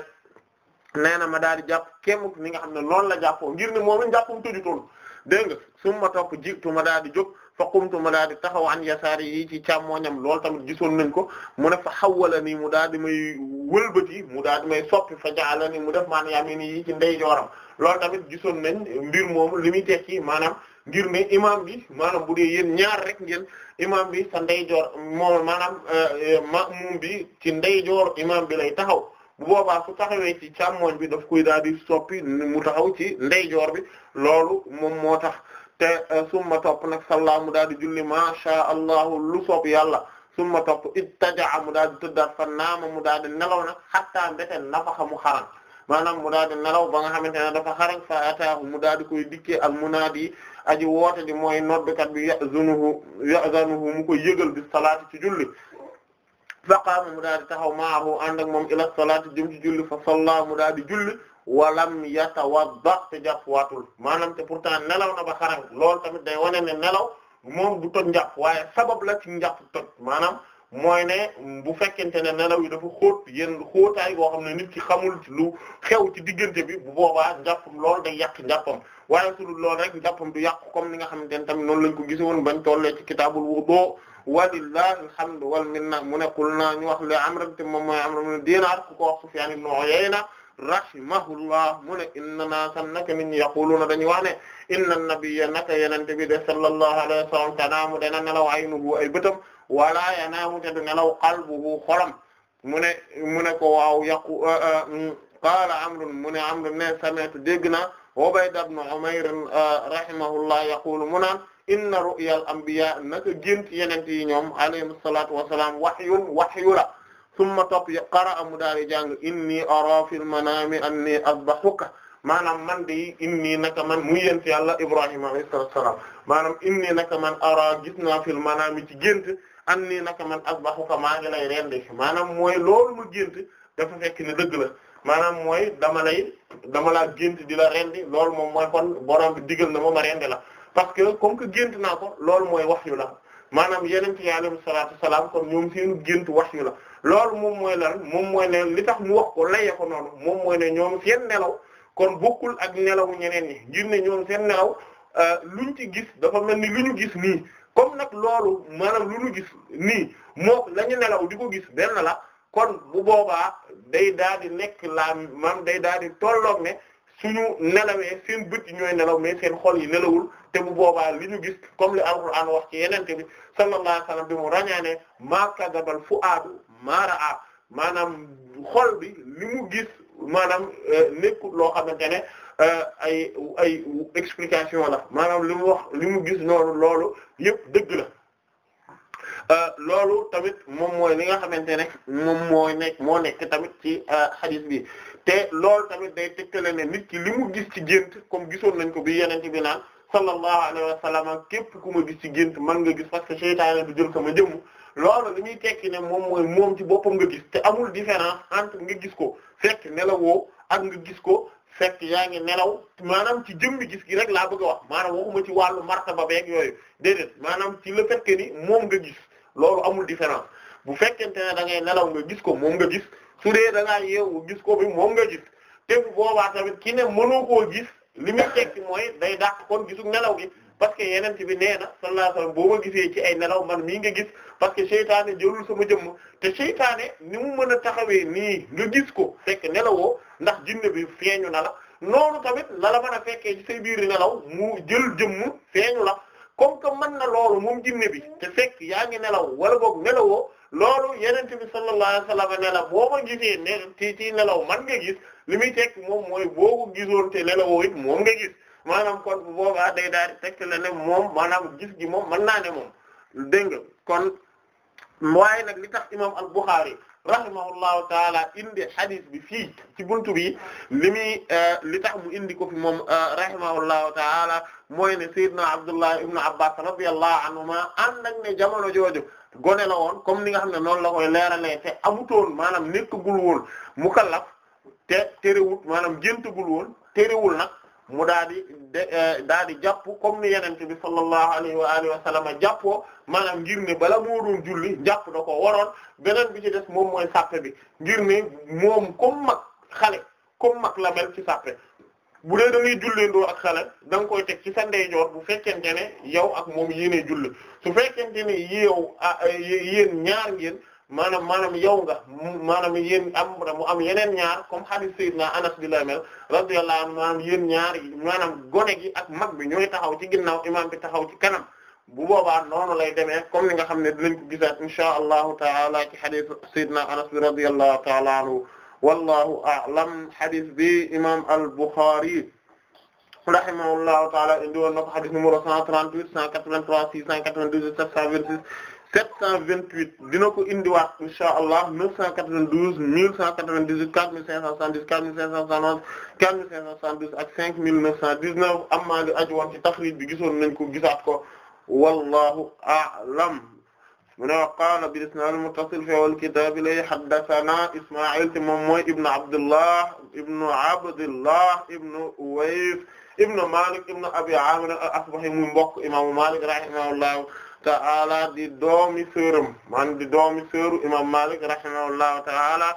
nee na ma daal di jàpp kémm ni nga xam ne noonu la jàppoo ngir ne moom jàpp jàppam tëju toll dégg nga su ma topp jiitu ma daal di jóg fa qumtu ma daal di taxaw an yasaari yi ci càmmooñam loolu tamit gisoon nañ ko mu a fa xawala nii mu daal di may wëlbati mu daal di may soppi fa jaala ni mu def maanaam yaamini yi ci ndeyjooram loolu tamit gisoon nañ mbir moom li muy tekki maanaam ngir ne imaam bi maanaam bu dee yéen ñaar rek ngeen imaam bi sa ndeyjoor moom maanaam euh, ma'muum bi ci ndeyjoor imaam bi lay taxaw bu boobaa su taxawee ci càmmooñ bi daf koy daal di soppi mu taxaw ci ndeyjoor bi loolu moom moo tax. te eh, summa topp nag salla mu daal di julli macha allah lu soob yàlla summa topp ittaja mu daal di tëddaat fa naama mu daal di nelaw na hatta mbete nafaxa mu xaran maanaam mu daal di nelaw ba nga xamante ne dafa xaran fa ataahu mu daal di koy dikkee al munaadi aji woote di mooy noddkat bi yazunuhu yazanuhu mu koy yëgal bi salaati ci julli fa qaama mu daal di taxaw maahu ànd ak moom ila salaati jëm ci julli fa salla mu daal di julli walam yatawadda te jàpp waatul maanaam te pourtant nelaw na ba xaram lool tamit day wane ne nelaw moom du toj njàpp waaye sabab la ci njàpp toj maanaam mooy ne bu fekkente ne nelaw yi dafa xóot yenn xóotaay boo xam ne nit ki xamul lu xew ci diggante bi bu boobaa njàppam lool day yàq njàppam waaye su dul loolu rek njàppam du yàq comme ni nga xamante ne tamit noonu lañ ko gisoon bañ tollee ci kitaabul wudu walillahi alhamdu wal minna mu ne qulna ñu wax le Amr te moom mooy ku ko wax Sufyan ibn Uyayna rahimahullah mu ne inna naasan naka nit ñi yaquluuna dañu wax ne inna nabiyya naka yenente bi de sallallahu alayhi wa sallam tanaamu dana nelaw aynuhu ay bëtam wala yanaamu te du nelaw qalbuhu xolam mu ne mu ne ko waaw yaqu euh, euh, mm, qaala amrun mu ne amrun ne sami'tu dégg na Ubayda ibn Umayr euh, rahimahullah yaqulu mu naan inna ru'yal anbiya naka gént yenente yi ñoom alayhim salaatu wa salaam wahyun wahyu la summa topp yo qara'a mu daal di jàng inni ara fil manami anni asbahuka maanaam man de inni naka man mu yent yàlla ibrahima alayhi salatu wassalam maanaam inni naka man ara gis naa fil manami ci gént anni naka man asbahuka maa ngi lay rendi maanaam mooy loolu mu gént dafa fekk ni dëgg la maanaam mooy dama lay dama laa gént di la rendi loolu moom mooy kon borom bi digal na moom ma rendi la parce que comme que naa ko lool mooy wax yu la maanaam yeneen ci yàlla salatu wassalam kon ñoom seenu gént wax yu la loolu moom mooy lan moom mooy ne li tax mu wax ko laye ko noonu moom mooy ne ñoom seen nelaw kon bokkul ak nelawu ñeneen ñi ngir ne ñoom seen nelaw euh, luñ ci gis dafa mel ni lu ñu gis nii comme nag loolu maanaam lu ñu gis nii moo la ñu di ko gis benn la kon bu boobaa day daal nekk la maanaam day daal di tolloog ne suñu nelawee seen bët yi ñooy nelaw mais seen yi nelawul te boobaa li ñu gis comme li alquran wax ci yenente bi sallallahu alayhi wasallam bi mu ràññaane ma fu fu'adu maara a maanaam xol bi li mu gis maanaam euh, nekkul loo xamante ne euh, ay ay explication la maanaam li mu li mu gis noonu loolu yëpp dëgg la euh, loolu tamit moom mooy li nga xamante ne moom mooy nekk moo nekk tamit ci xadis bi te loolu tamit day tegtale ne nit ki li mu gis ci gént comme gisoon nañ ko bi yenente bi naan sallallahu alayhi wa sallam képp ku ma gis ci gént man nga gis parce que seytaane du jël sama jëmm loolu li muy tekki ne moom mooy moom ci boppam nga gis te amul différence entre nga gis ko fekk nelawoo ak nga gis ko fekk yaa ngi nelaw maanaam ci jëm jëmmi gis gi rek laa bëgg a wax maanaam waxuma ci wàllu martaba beeg yooyu déedéet maanaam ci la fait que ni moom nga gis loolu amul différence bu fekkente ne da ngay nelaw nga gis ko moom nga gis su dee da ngaa yeewu gis ko bi moom nga gis te bu boobaa tamit ki ne mënoo koo gis li muy tekki mooy day dàq kon gisul nelaw gi. parce que yeneen bi nee na sallallahu alayhi wasallam boo ma gisee ci ay nelaw man mii nga gis parce que seytaane jëlul sama jëmm te seytaane ni mu mën a taxawee nii nga gis ko fekk nelawoo ndax jinne bi feeñu na la noonu tamit la la mën a fekkee ci say biir nelaw mu jël jëmmu feeñu la comme que mën na loolu moom jinne bi te fekk yaa ngi nelaw wala boog nelawoo loolu yeneen bi sallallahu alayhi wasallam ne la boo ma gisee ne ci ci nelaw man nga gis li muy tekk moom mooy boo ko gisoon te nelawoo it maanaam kon bu boobaa day ne moom maanaam gis gi moom mën naa ne moom dégg nga kon waaye nag li tax imam al-Bukhari rahimahullahu taala indi hadis bi fii ci buntu bi li muy euh, li tax mu indi ko moom euh, rahimahullahu taala mooy ne sayyidna Abdullah ibn Abbas radiyallahu anhuma ànd nag ne jamono jooju gone la woon comme ni nga xam ne noonu la koy leeralee te amutoon maanaam nekkagul woon mukallaf te terewul maanaam géntagul woon terewul nag mu daal di eh, daal di jàpp comme ni yenente bi sallallahu alayhi wa alihi wa sallam jàppoo maanaam ngir ne bala moo doon julli jàpp da ko waroon beneen bi ci des moom mooy sàppe bi ngir ne moom comme mag xale comme mag la mel ci sàppe bu dee da ngay julleendoo ak xale da nga koy teg ci sa ndeyjoor bu fekkente ne yow ak moom yéenee julli su fekkente ne yow ah eh, yéen ñaar ngeen maanaam maanaam yow nga maanaam yéen am mu am yeneen ñaar comme hadith sayyidina Anas bi la mel radiyallahu anhu maanaam yéen ñaar yi maanaam gone gi ak mag bi ñooy taxaw ci ginnaaw imaam bi taxaw ci kanam bu boobaa noonu lay demee comme ni nga xam ne dinañ ko gisaat insha allahu taala ci hadith sayyidina Anas bi radiyallahu taala anhu wallahu a'lam hadith bi imaam al-Bukhari rahimahullahu taala indi woon na ko hadith numéro 138 183 692 726 728 dina ko indiwaat insha allah 992 1198 4570 4571 4572 ak 5919 amma li aju woon ci taxrij bi gisoon nañ ko gisaat ko wallahu a'lam mu ne qaala bil isnaad al muttasil fi al kitaab lay haddathana Isma'il te moom mooy ibnu Abdullah ibnu Abdullah ibnu Uways ibnu Malik ibnu Abi Amir al-Asbahi mu mbokk imaamu Malik rahimahullah ta'ala di doomi sëram man di doomi sëru imam Malik rahimahullahu ta'ala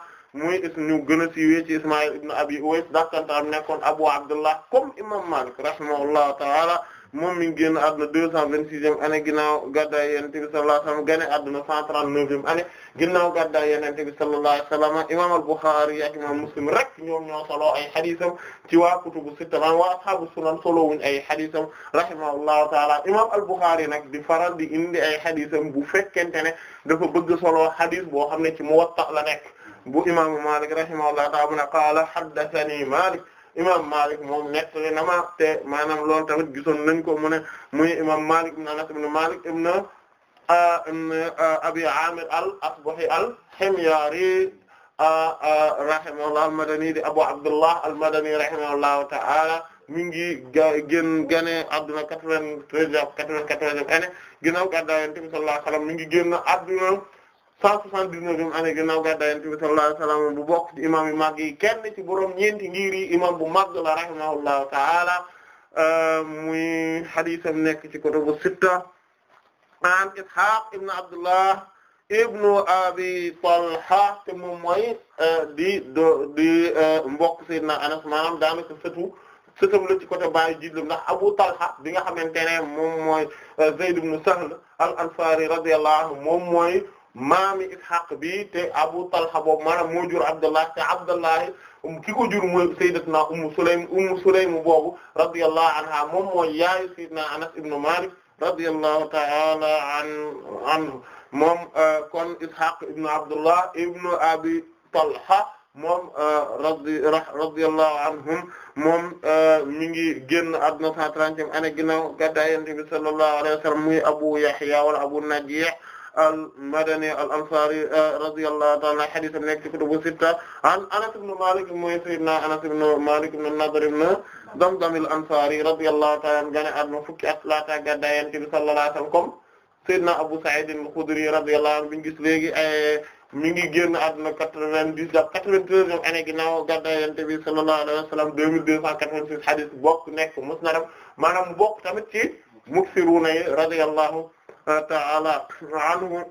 muy is ñu gën a siiwee ci Ismaïl ibn Abi Uways dakkanta am nekkoon Abu Abdullah comme imam Malik rahimahullahu ta'ala moom mi ngi génn àdduna deux cent vingt-sixième année ginnaaw gàddaay yonent bi sallallahu alayhi wa sallam gane àdduna cent trente-neuvième année ginnaaw gàddaay yonent bi sallallahu alayhi wa sallam imam al-Bukhari ak imam Muslim rek ñoom ñoo soloo ay xadisam ci waa kutubu sitta man waa ashaabu sunan solowuñ ay xadisam rahimahullahu taala imam al-Bukhari nag di faral di indi ay xadisam bu fekkente ne dafa bëgg soloo xadis boo xam ne ci Muwatta la nekk bu imaamu Malik rahimahullahu taala mu ne qaala haddathani Malik imam Malik moom nettali na ma te maanaam loolu tamit gisoon nañ ko mu ne muy imam Malik ibn Anas ibn Malik ibn Abi Amir al-Asbahi al-Himyari rahimahullah al-Madani di Abu Abdullah al-Madani rahimahullahu ta'ala mi ngi génn gane adduna quatre-vingt-treize quatre-vingt-quatorze année ginnaaw gàddaay Yonent bi sallallahu alayhi wasallam mi ngi génn adduna cent soixante-dix-neuvième année ginnaaw gàddaay Yonent bi sallallahu alayhi wa sallam bu bokk ci imam yu màgg yi kenn ci borom ñeenti ngir yi imam bu màgg la rahimahullahu ta'ala euh, muy hadiisam nekk ci kutubu sitta an Ishaq ibn Abdullah ibnu abi Talha te moom mooy euh, di do di euh, mbokk Seydina Anas maanaam daanaka sëtu sëtam la ci côté bàyyi jiitlam ndax Abu Talha bi nga xamante ne moom mooy Zayd ibn Sahl al-Ansari radiyallahu anhu moom mooy maami Ishaq bi te Abu Talha boobu maanaam moo jur Abdullah te Abdullah um, ki ko jur mooy sayyidatuna Ummu Sulaym Ummu Sulaym boobu radiyallahu anha moom mooy yaayu sayyidina Anas ibn Malik radiyallahu ta'ala an anhu moom euh, kon Ishaq ibn Abdullah ibn Abi Talha moom euh, radi radiyallahu anhum moom euh, mi ngi génn àdduna 130 ane ginnaaw gàddaay Yonent bi sallallahu alayhi wa sallam muy Abu Yahya wala Abu Najih al-Madani al-Ansari euh, radiyallahu ta'ala hadith am nekk ci kutubu sitta an Anas ibn Malik mooy sayyidina Anas ibn Malik ibn Nadr ibn Damdam al-Ansari radiyallahu ta'ala gane àdduna fukki at laata gàddaay Yonent bi sallallahu Abu Sa'id al-Khudri radiyallahu anhu bi ñu gis léegi mi ngi génn àdduna quatre-vingt-dix à quatre-vingt-treize ñoom année ginnaaw gàddaay Yonent bi sallallahu alayhi wa sallam deux mille deux cent quatre-vingt-six hadith bokk nekk musnadam maanaam bokk tamit ci muksiruna radiyallahu ta'ala anhu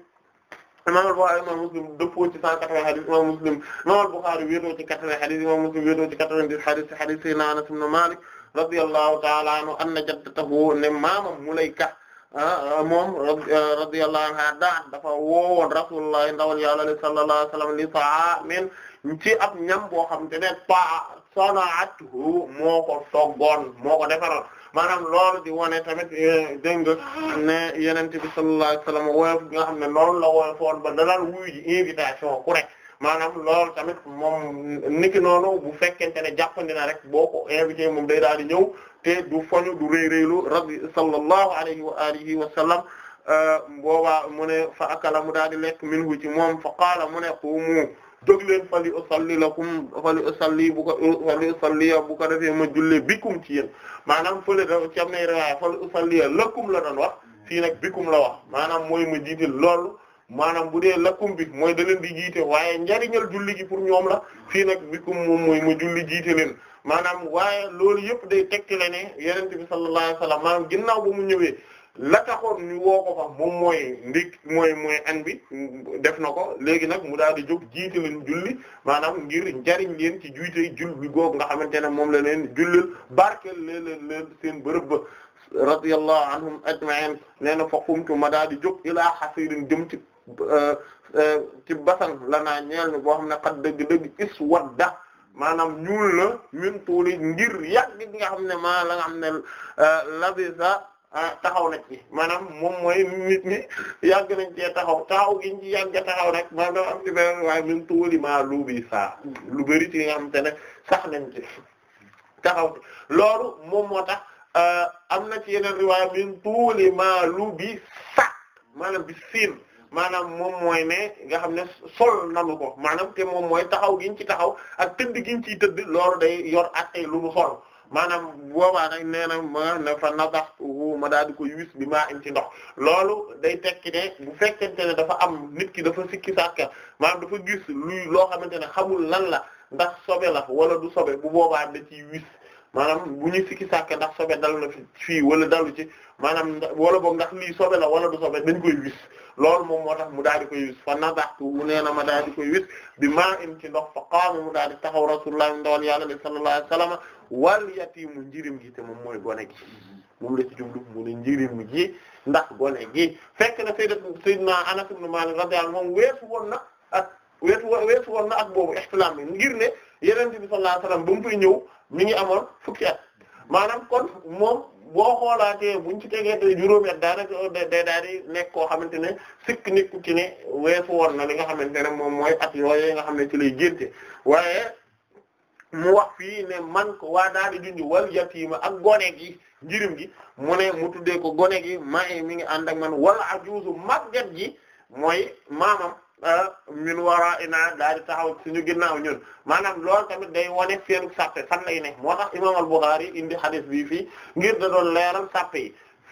imam al-Bukhari imam Muslim dëppoo ci 180 hadith imam Muslim imam al-Bukhari wéetoo ci 80 hadith imam Muslim wéetoo ci 90 hadith hadith sayyidina Anas ibn Malik radiyallahu ta'ala anhu anna jaddatahu ne maamam Mulayka ah, ah, moom ah, radiyallahu anha daan dafa woowoon rasulullah ndawal yàlla sallallahu alayhi wasallam li ta'amin ci ab ñam boo xam te ne pa sana'atuhu moo ko toggoon moo ko defaral maanaam loolu di wone tamit eh, dégg nga ne yenente bi sallallahu alayhi wasallam bi nga xam ne loolu la woyofoon ba dalal wuyu ji invitation ku rek maanaam loolu tamit moom niki noonu bu fekkente ne jàppandi na rek boo ko invité moom day daal di ñëw te du foñu du réy réylu rabbi sallallahu alayhi wa alihi wa sallam eh, boobaa mu ne fa akala mu daal di lekk minhu ci moom fa qaala mu ne qumu jóg leen fali usalli lakum fali usalli bu ko fali usalli bu ko defee ma jullee bikum ci yéen maanaam fële da ci am nay riwaaya fali usalli lakum la doon wax fii nag bikkum la wax maanaam mooy ma jiite loolu maanaam bu dee lakum bi mooy da leen di jiite waaye njariñal julli gi pour ñoom la fii nag bikum moom mooy julli jiite leen maanaam waaye loolu yëpp day tegtale ne yonent bi sallallahu wasallam maanaam ginnaaw ba mu ñëwee la taxoon ñu woo ko fa moom mooy ndig mooy mooy añ def na ko léegi nag mu daal di jóg jiite leen julli maanaam ngir njariñ leen ci jiite jul bi googu nga xamante ne moom la leen jullil barkeel leen leen leen seen bërëb ba radiyallahu anhum ajma'in nee na fa xumtu ma daal di jóg ilaa xasirin jëm ci euh, euh, ci basan la naa ñeel ni boo xam ne xat dëgg-dëgg is wadda maanaam ñuul la min tuuli ngir yàgg gi nga xam ne maa la nga xam ne euh, labisa Ah, taxaw na ci maanaam moom mooy nit ñi yàgg nañ cee taxaw taxaw gi ñu ci yàgg taxaw rek maanaam dafa am ci beneen waaye lu bi saa nga xam ne sax nañ taxaw loolu moom moo tax ah, am na ci yeneen riwaay lu bi sax bi siin maanaam moom mooy ne nga xam ne sol nanu ko maanaam te moom mooy taxaw gi ci taxaw ak tëdd gi ñu ciy tëdd loolu day yor at lu mu sol. maanaam boobaa nag nee na ma ne fa nadaxtuhu ma daal di koy wis bi maa ci ndox loolu day tekki ne bu fekkente ne dafa am nit ki dafa sikki sàkka maanaam dafa gis luy loo xamante ne xamul lan la ndax sobe la wala du sobe bu boobaan da ci wis maanaam bu ñu sikki sàkka ndax sobe dal na fi fii wala dalu ci maanaam wala boog ndax lii sobe la wala du sobe dañ koy wis loolu moom moo tax mu daal di koy wis fa nabaxtu mu nee na ma daal di koy wis bi maa in ndox fa qaama mu daal di taxaw rasulullah ndawal yàlla li sallallahu alayhi wasallam wal mu njirim gi te moom mooy gone gi moom la ci jublu mu ne njirim gi ndax gone gi fekk na sayyidat sayyidina Anas ibn Malik radiyallahu anhu moom weesu woon na ak weesu weesu woon na ak boobu ihtilaam bi ngir ne yeneen bi sallallahu alayhi wasallam ba mu koy ñëw mi ngi amoon fukki at maanaam kon moom boo xoolaatee buñ ci tegee te juróomi at daanaka day daal di nekk koo xamante ne sikk nekku ci ne weesu woon na li nga xamante ne moom mooy at yooyu nga xam ne ci lay génte waaye mu wax fii ne man ko waa daal di junj wal yatiima ak gone gi njirim gi mu ne mu tuddee ko gone gi maa mi ngi ànd ak man wala ajuusu màggat gi mooy maamam Ah, min waraa'inaa daal di taxaw suñu ginnaaw ñun maanaam lool tamit day wane seenu sàppe fan lay ne moo tax imaam al-Bukhari indi hadith bi fii ngir da doon leeral sàppe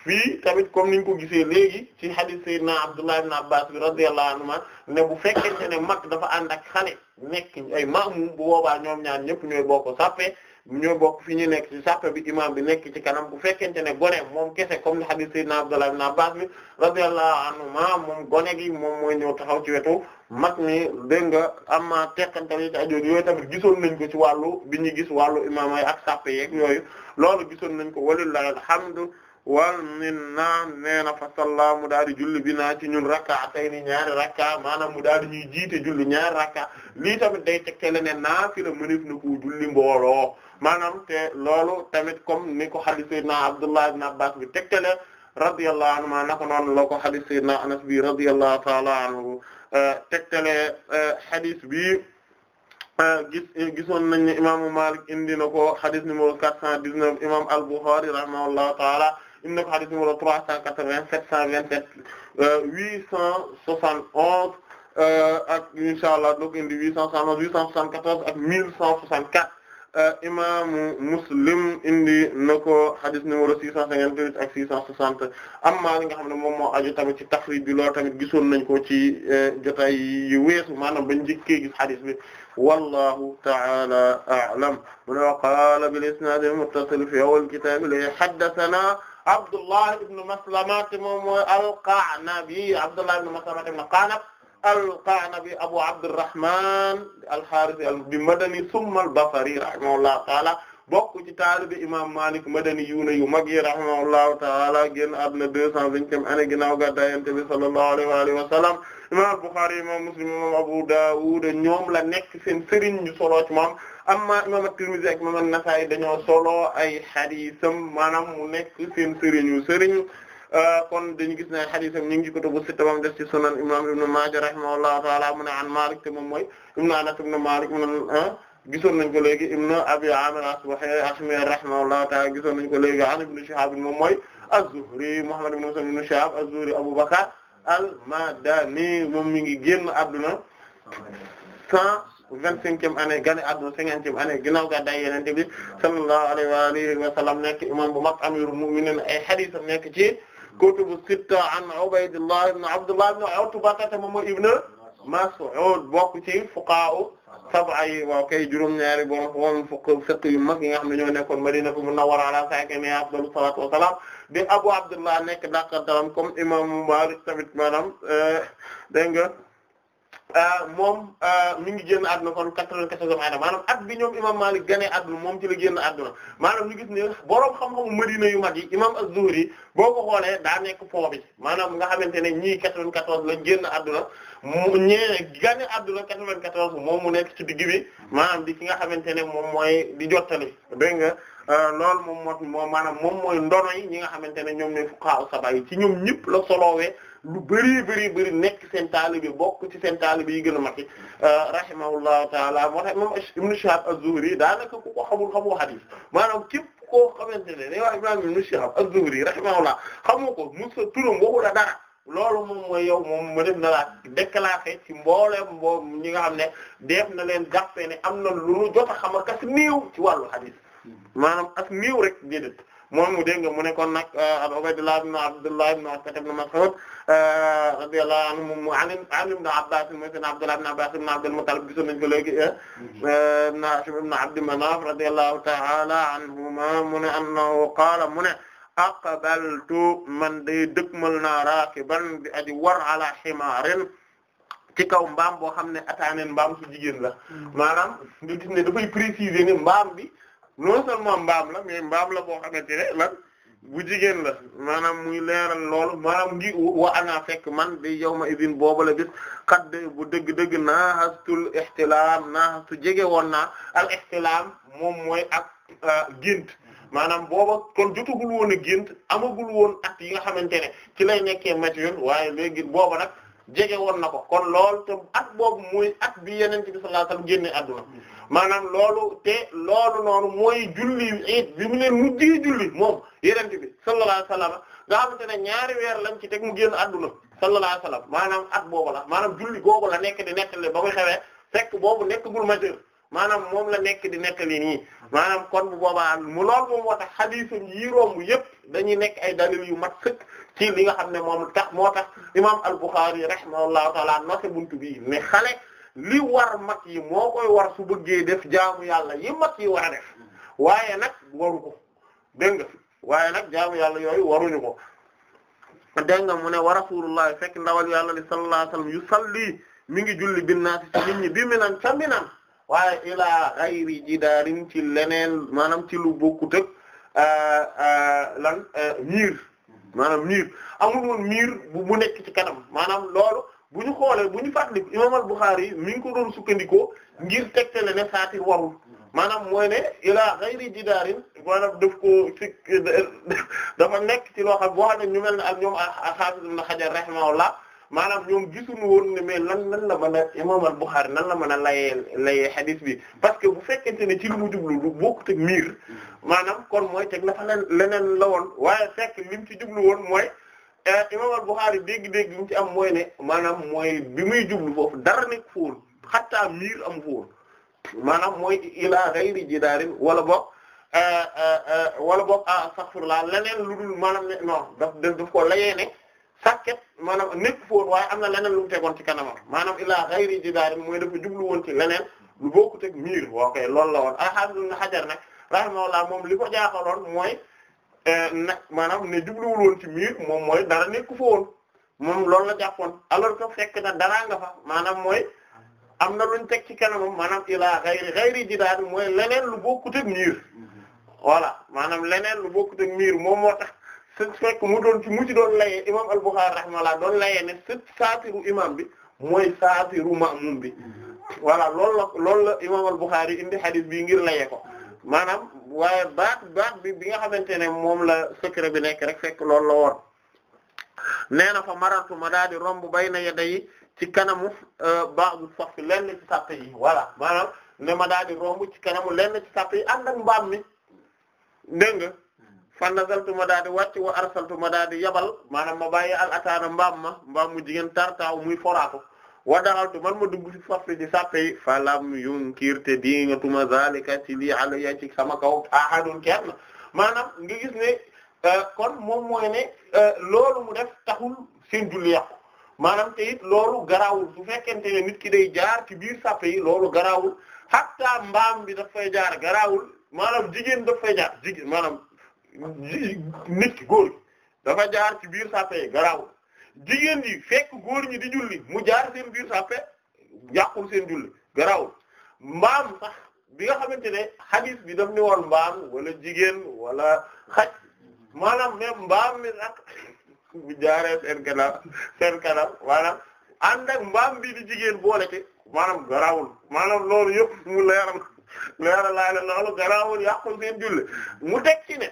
yi tamit comme niñ ko gisee léegi ci hadith na Abdullah ibn Abbas bi radiyallahu anhuma ne bu fekkente ne mag dafa ànd ak xale nekk ay maamum bu boobaa ñoom ñaan ñëpp ñooy ko sàppe ñoo bokk fi ñu nekk ci sàpp bi imam bi nekk ci kanam bu fekkente ne gone moom kese comme ni hadith sayyidina Abdullah ibn Abbas bi radiyallahu anhuma moom gone gi moom mooy ñëw taxaw ci wetu mag mi dégg nga amma tekkantal yi ci ajoog yooyu tamit gisoon nañ ko ci wàllu bi ñu gis wàllu imam ay ak sapp yeeg yooyu loolu gisoon nañ ko walillahi alhamdu wal minna nee na fa salla mu daal di julli bi naa ci ñun rak'atayni ñaari rakka maanaam mu daal di ñuy jiite julli ñaari rakka lii tamit day tegtale ne naafila mëneef na ko julli mbooloo maanaam te loolu tamit comme ni ko hadith sayyidina Abdullah ibn Abbas bi tegtale radiyallahu anhu maa nako noonu loo ko hadith sayyidina Anas bi radiyallahu ta'ala anhu euh, tegtale hadith euh, bi euh, gis gisoon nañ ne Malik indi na ko hadith numéro 419 imam al-Bukhari rahimahullahu ta'ala indi na ko hadith numéro 380 727 871 ak inshallah donc indi 871 874 ak 1164 Euh, imaamu Muslim indi na ko xadis numéro 658 ak 660 amma li nga xam ne moom moo aju tamit ci taxrij bi loolu tamit gisoon nañ ko ci euh, jotaay yu weesu maanaam bañ njëkkee gis xadis bi wallahu ta'ala a'lam mu ne wa qaala bil isnaad al-muttasil fi awwal kitaab li haddathana Abdullah ibn Maslama moom mooy al-Qa'nabi Abdullah ibn Maslama ibn Qa'nab al-Qa'nabi Abu Abdurrahman al-Harith bi madani summa al-Basri rahimahullahu ta'ala bokk ci taalibi imam Malik madani yu ne yu mag yi rahimahullahu ta'ala génn àdduna deux cent vingtième année ginnaaw gàddaay Yonent bi sallallahu alayhi wa alihi wa sallam imam Bukhari imam Muslim imam Abu Dawud ñoom la nekk seen sëriñ ñu solo ci moom amma imam At-Tirmidhi dañoo solo ay hadiisam maanaam mu nekk seen sëriñu sëriñ Euh, kon dañu gis ne hadisam ñu ngi ci kutubu sitta bam def ci sunan imam ibn Maaja rahimahullahu ta'ala mu ne an Maalik te moom mooy ibn Anas ibn Maalik mu ne ah, gisoon nañ ko léegi ibn Abi Aamir Asbahi ta'ala gisoon nañ ko léegi an moom mooy az-Zuhri Muhammad ibn Muslim ibn Shihab az Abu Bakr al-Madani moom mi ngi génn adduna cent vingt-cinquième année gane adduna cinquantième année ginnaaw ga day Yonent bi sallallahu alayhi wa alihi nekk imam bu mag amirul mu'minin ay hadith nekk ci kutubu sitta an Ubaydullah ibn Abdullah ibn Utba te moom mooy ibn Mas'ud bokk ci fuqahaa sab'a yi waaw kay juróom-ñaari borom xoolal fukk fekk yu mag yi nga xam ne ñoo nekkoon Madinatu Munawwara ala saakinihaa afdalu salaatu wa salaam di Abu Abdullah nekk dàqantalam comme imaamu Maalik tamit maanaam eh, dégg nga. Euh, moom euh, mi ngi génn àdduna kon quatre-vingt-quatorzième année maanaam at bi ñoom imam Malik ganee àdduna moom ci la génn àdduna maanaam ñu gis ne boroom xam-xamu Madina yu mag yi imam Az-Zuhri boo ko xoolee daa nekk foo maanaam nga xamante ne ñii quatre-vingt-quatorze lañ génn àdduna mu ñee gane àdduna quatre-vingt-quatorze moom mu nekk ci digg bi maanaam di ki nga xamante ne moom mooy di jottali dégg nga euh, loolu moom moo maanaam moom mooy ndono yi ñi nga xamante ne ñoom ñooy fuqaha saba yi ci ñoom ñëpp la soloowee lu bari bari bari nekk seen taalibe bokk ci seen taalibe yi gën a mag euh, rahimahullahu taala moo tax moom Ibn Shihab az-Zuhri daanaka ku ko xamul xamoo hadith maanaam képp koo xamante ne ne waa Ibrahim Ibn Shihab a zuhri rahimahullah xamoo ko mu sa turam waxu la lool loolu moom mooy yow moom mu def na dekk déclassé ci mbooleem mboom ñi nga xam ne def na leen jàppee ne am na lu jot a xam ak as néew ci wàllu hadith maanaam as néew rek déedéet. moom mu dégg nga mu ne kon nag euh, Ubaydullah ibn Abdullah ibn Asad ibn Mas'ud euh, radiyallahu anhu moom mu alim alim ibn Abbas mooy seen Abdullah ibn Abbas ibn Abdul Muttalib gisoon nañu ko léegi euh, mhm. Hashim ibn Abd Manaf radiyallahu ta'ala anhuma mu ne annahu qaala mu ne aqbaltu man day dëkkmal naa raakiban bi aji war ala himaarin ci kaw mbaam boo xam ne ataaneen mbaam su jigéen la mhm. maanaam nga gis ne dafay préciser ne mbaam bi non seulement mbaam la mais mbaam la bo xamante ne lan bu jigéen la maanaam muy leeral lool maanaam ngi wa ana fekk man di yawma idin booba la bis xat bu dëgg-dëgg naahastul ihtilaam naahastu jege woon naa al ihtilaam moom mooy ak euh, gént maanaam booba kon jotagul woon a gént amagul woon at yi nga xamante ne ci lay nekkee mature waaye léegi booba nag jege woon na ko kon lool te at boobu muy at bi yeneen ci bi sallallahu alayhi wasallam génne adduna maanaam loolu te loolu noonu mooy julli it bi mu leen mujjee julli moom yeneen bi sallallahu alayhi wasallam nga xamante ne ñaari weer lañ ci teg mu génn adduna sallallahu alayhi wasallam maanaam at boobu la maanaam julli googu la nekk di nekk le ba muy xewee fekk boobu nekkagul majeur maanaam moom la nekk di nettali nii maanaam kon bu boobaa mu lool moom moo tax xadiisu yi romb yëpp dañuy nekk ay dalil yu mat sëkk ci li nga xam ne moom tax moo tax imaam al-Bukhârî rahimahullahu taala noté buntu bi ne xale li war mag yi moo koy war su bëggee def jaamu yàlla yi mag yi war waaye nag waru ko dégg waaye nag jaamu yàlla yooyu waruñu ko dégg nga mu ne wa rasulullah fekk ndawal yàlla li sallallahu alayhi wasallam yusalli mi ngi julli binnaasi ci nit ñi bi minan waaye ilaa xayri jidaarin ci leneen maanaam ci lu bokkut ak euh, euh, lan euh, miir maanaam miir amul woon miir bu nekk ci kanam maanaam loolu bu ñu xoolee bu ñu fàttali imam al-Bukhari mi ngi ko doon sukkandikoo ngir le ne saatir warul maanaam mooy ne ilaa xayri jidaarin maanaam daf ko dafa nekk ci loo xam boo xam ne ñu mel ne ak ñoom al-Hafiz ibn Hajar rahimahullah maanaam ñoom gisuñu woon ne mais lan lan la mën a imam al-Bukhari nan la mën a layee layee hadith bi parce que bu fekkente ne ci lu mu jublu lu bokkut miir maanaam kon mooy teg na leen leneen la woon waaye fekk li mu ci jublu woon mooy eh, imam al-Bukhari dégg-dégg li ci am mooy ne maanaam mooy bi muy jublu foofu dara ne fóon xattaa miir am fóon maanaam mooy ila ghayri jidaarin wala boog eh, eh, wala boog ah, astaghfirullah leneen lu dul maanaam ne non daf ko layee ne sàkket maanaam nekk fóon waaye am na leneen lu tegoon ci kanamam maanaam ilaa ghayri jidaarin mooy dafa jublu woon ci leneen lu bokkut ak miir waa kay loolu la woon alhamdu na xajar nag rahimahullah moom li ko jaaxaloon mooy eh, nag maanaam ne jubluwul woon moom mooy dara nekk fa woon moom loolu la jàppoon alors que fekk na daraa nga fa maanaam mooy am na luñ teg ci kanamam maanaam ilaa ghayri ghayri jidaar mooy leneen lu bokkut ak miir wala mm-hmm. maanaam leneen lu bokkut ak miir moom moo su fekk mu doon ci mu ci doon layee imam al-Bukhari rahimahullah doon layee ne saatiru imam bi mooy saatiru ma'mum bi voilà loolu la loolu la imam al-Bukhari indi hadith bi ngir layee ko maanaam waaye baat baax bi bi nga xamante ne moom la secret bi nekk rek fekk loolu la woon nee na fa maratu ma daal di romb bay na yedda yi ci kanamu euh, ba'du safi lenn ci sàpp yi voilà maanaam ne ma daal di romb ci kanamu lenn ci sàpp yi ànd mbaam mi dégg nga fanna nazaltu ma daa di wàcc wa arsaltu ma daa di yabal maanaam ma bàyyi al ataana mbaam ma mbaam mu jigéen tartaaw muy foraatu wa daxaltu man ma dugg ci saffi ci sàppe yi fa lam yunkir te dingatuma zalika ci lii alaya ci sama kaw ahadun kenn maanaam nga gis ne euh, kon moom euh, loolu mu def taxul seen julli yàqu maanaam te it loolu garaawul su fekkente ne nit ki day jaar ci biir sàppe yi loolu garaawul hatta mbaam bi daf fay jaar garaawul maanaam jigéen daf fay jaar jigéen maanaam nit ki góor dafa jaar ci biir sàppe yi garaawul jigéen ji fekk góor ñi di julli mu jaar seen biir sàppe yàqul seen julli garaawul mbaam sax bi nga xamante ne hadith bi daf ni woon mbaam wala jigéen wala xaj maanaam même mbaam mi sax bu jaaree seen kanam seen kanam maanaam ànd ak mbaam bi di jigéen boole ci maanaam garaawul maanaam loolu yëpp mu leeral leeral laa ne loolu garaawul seen julli mu teg ne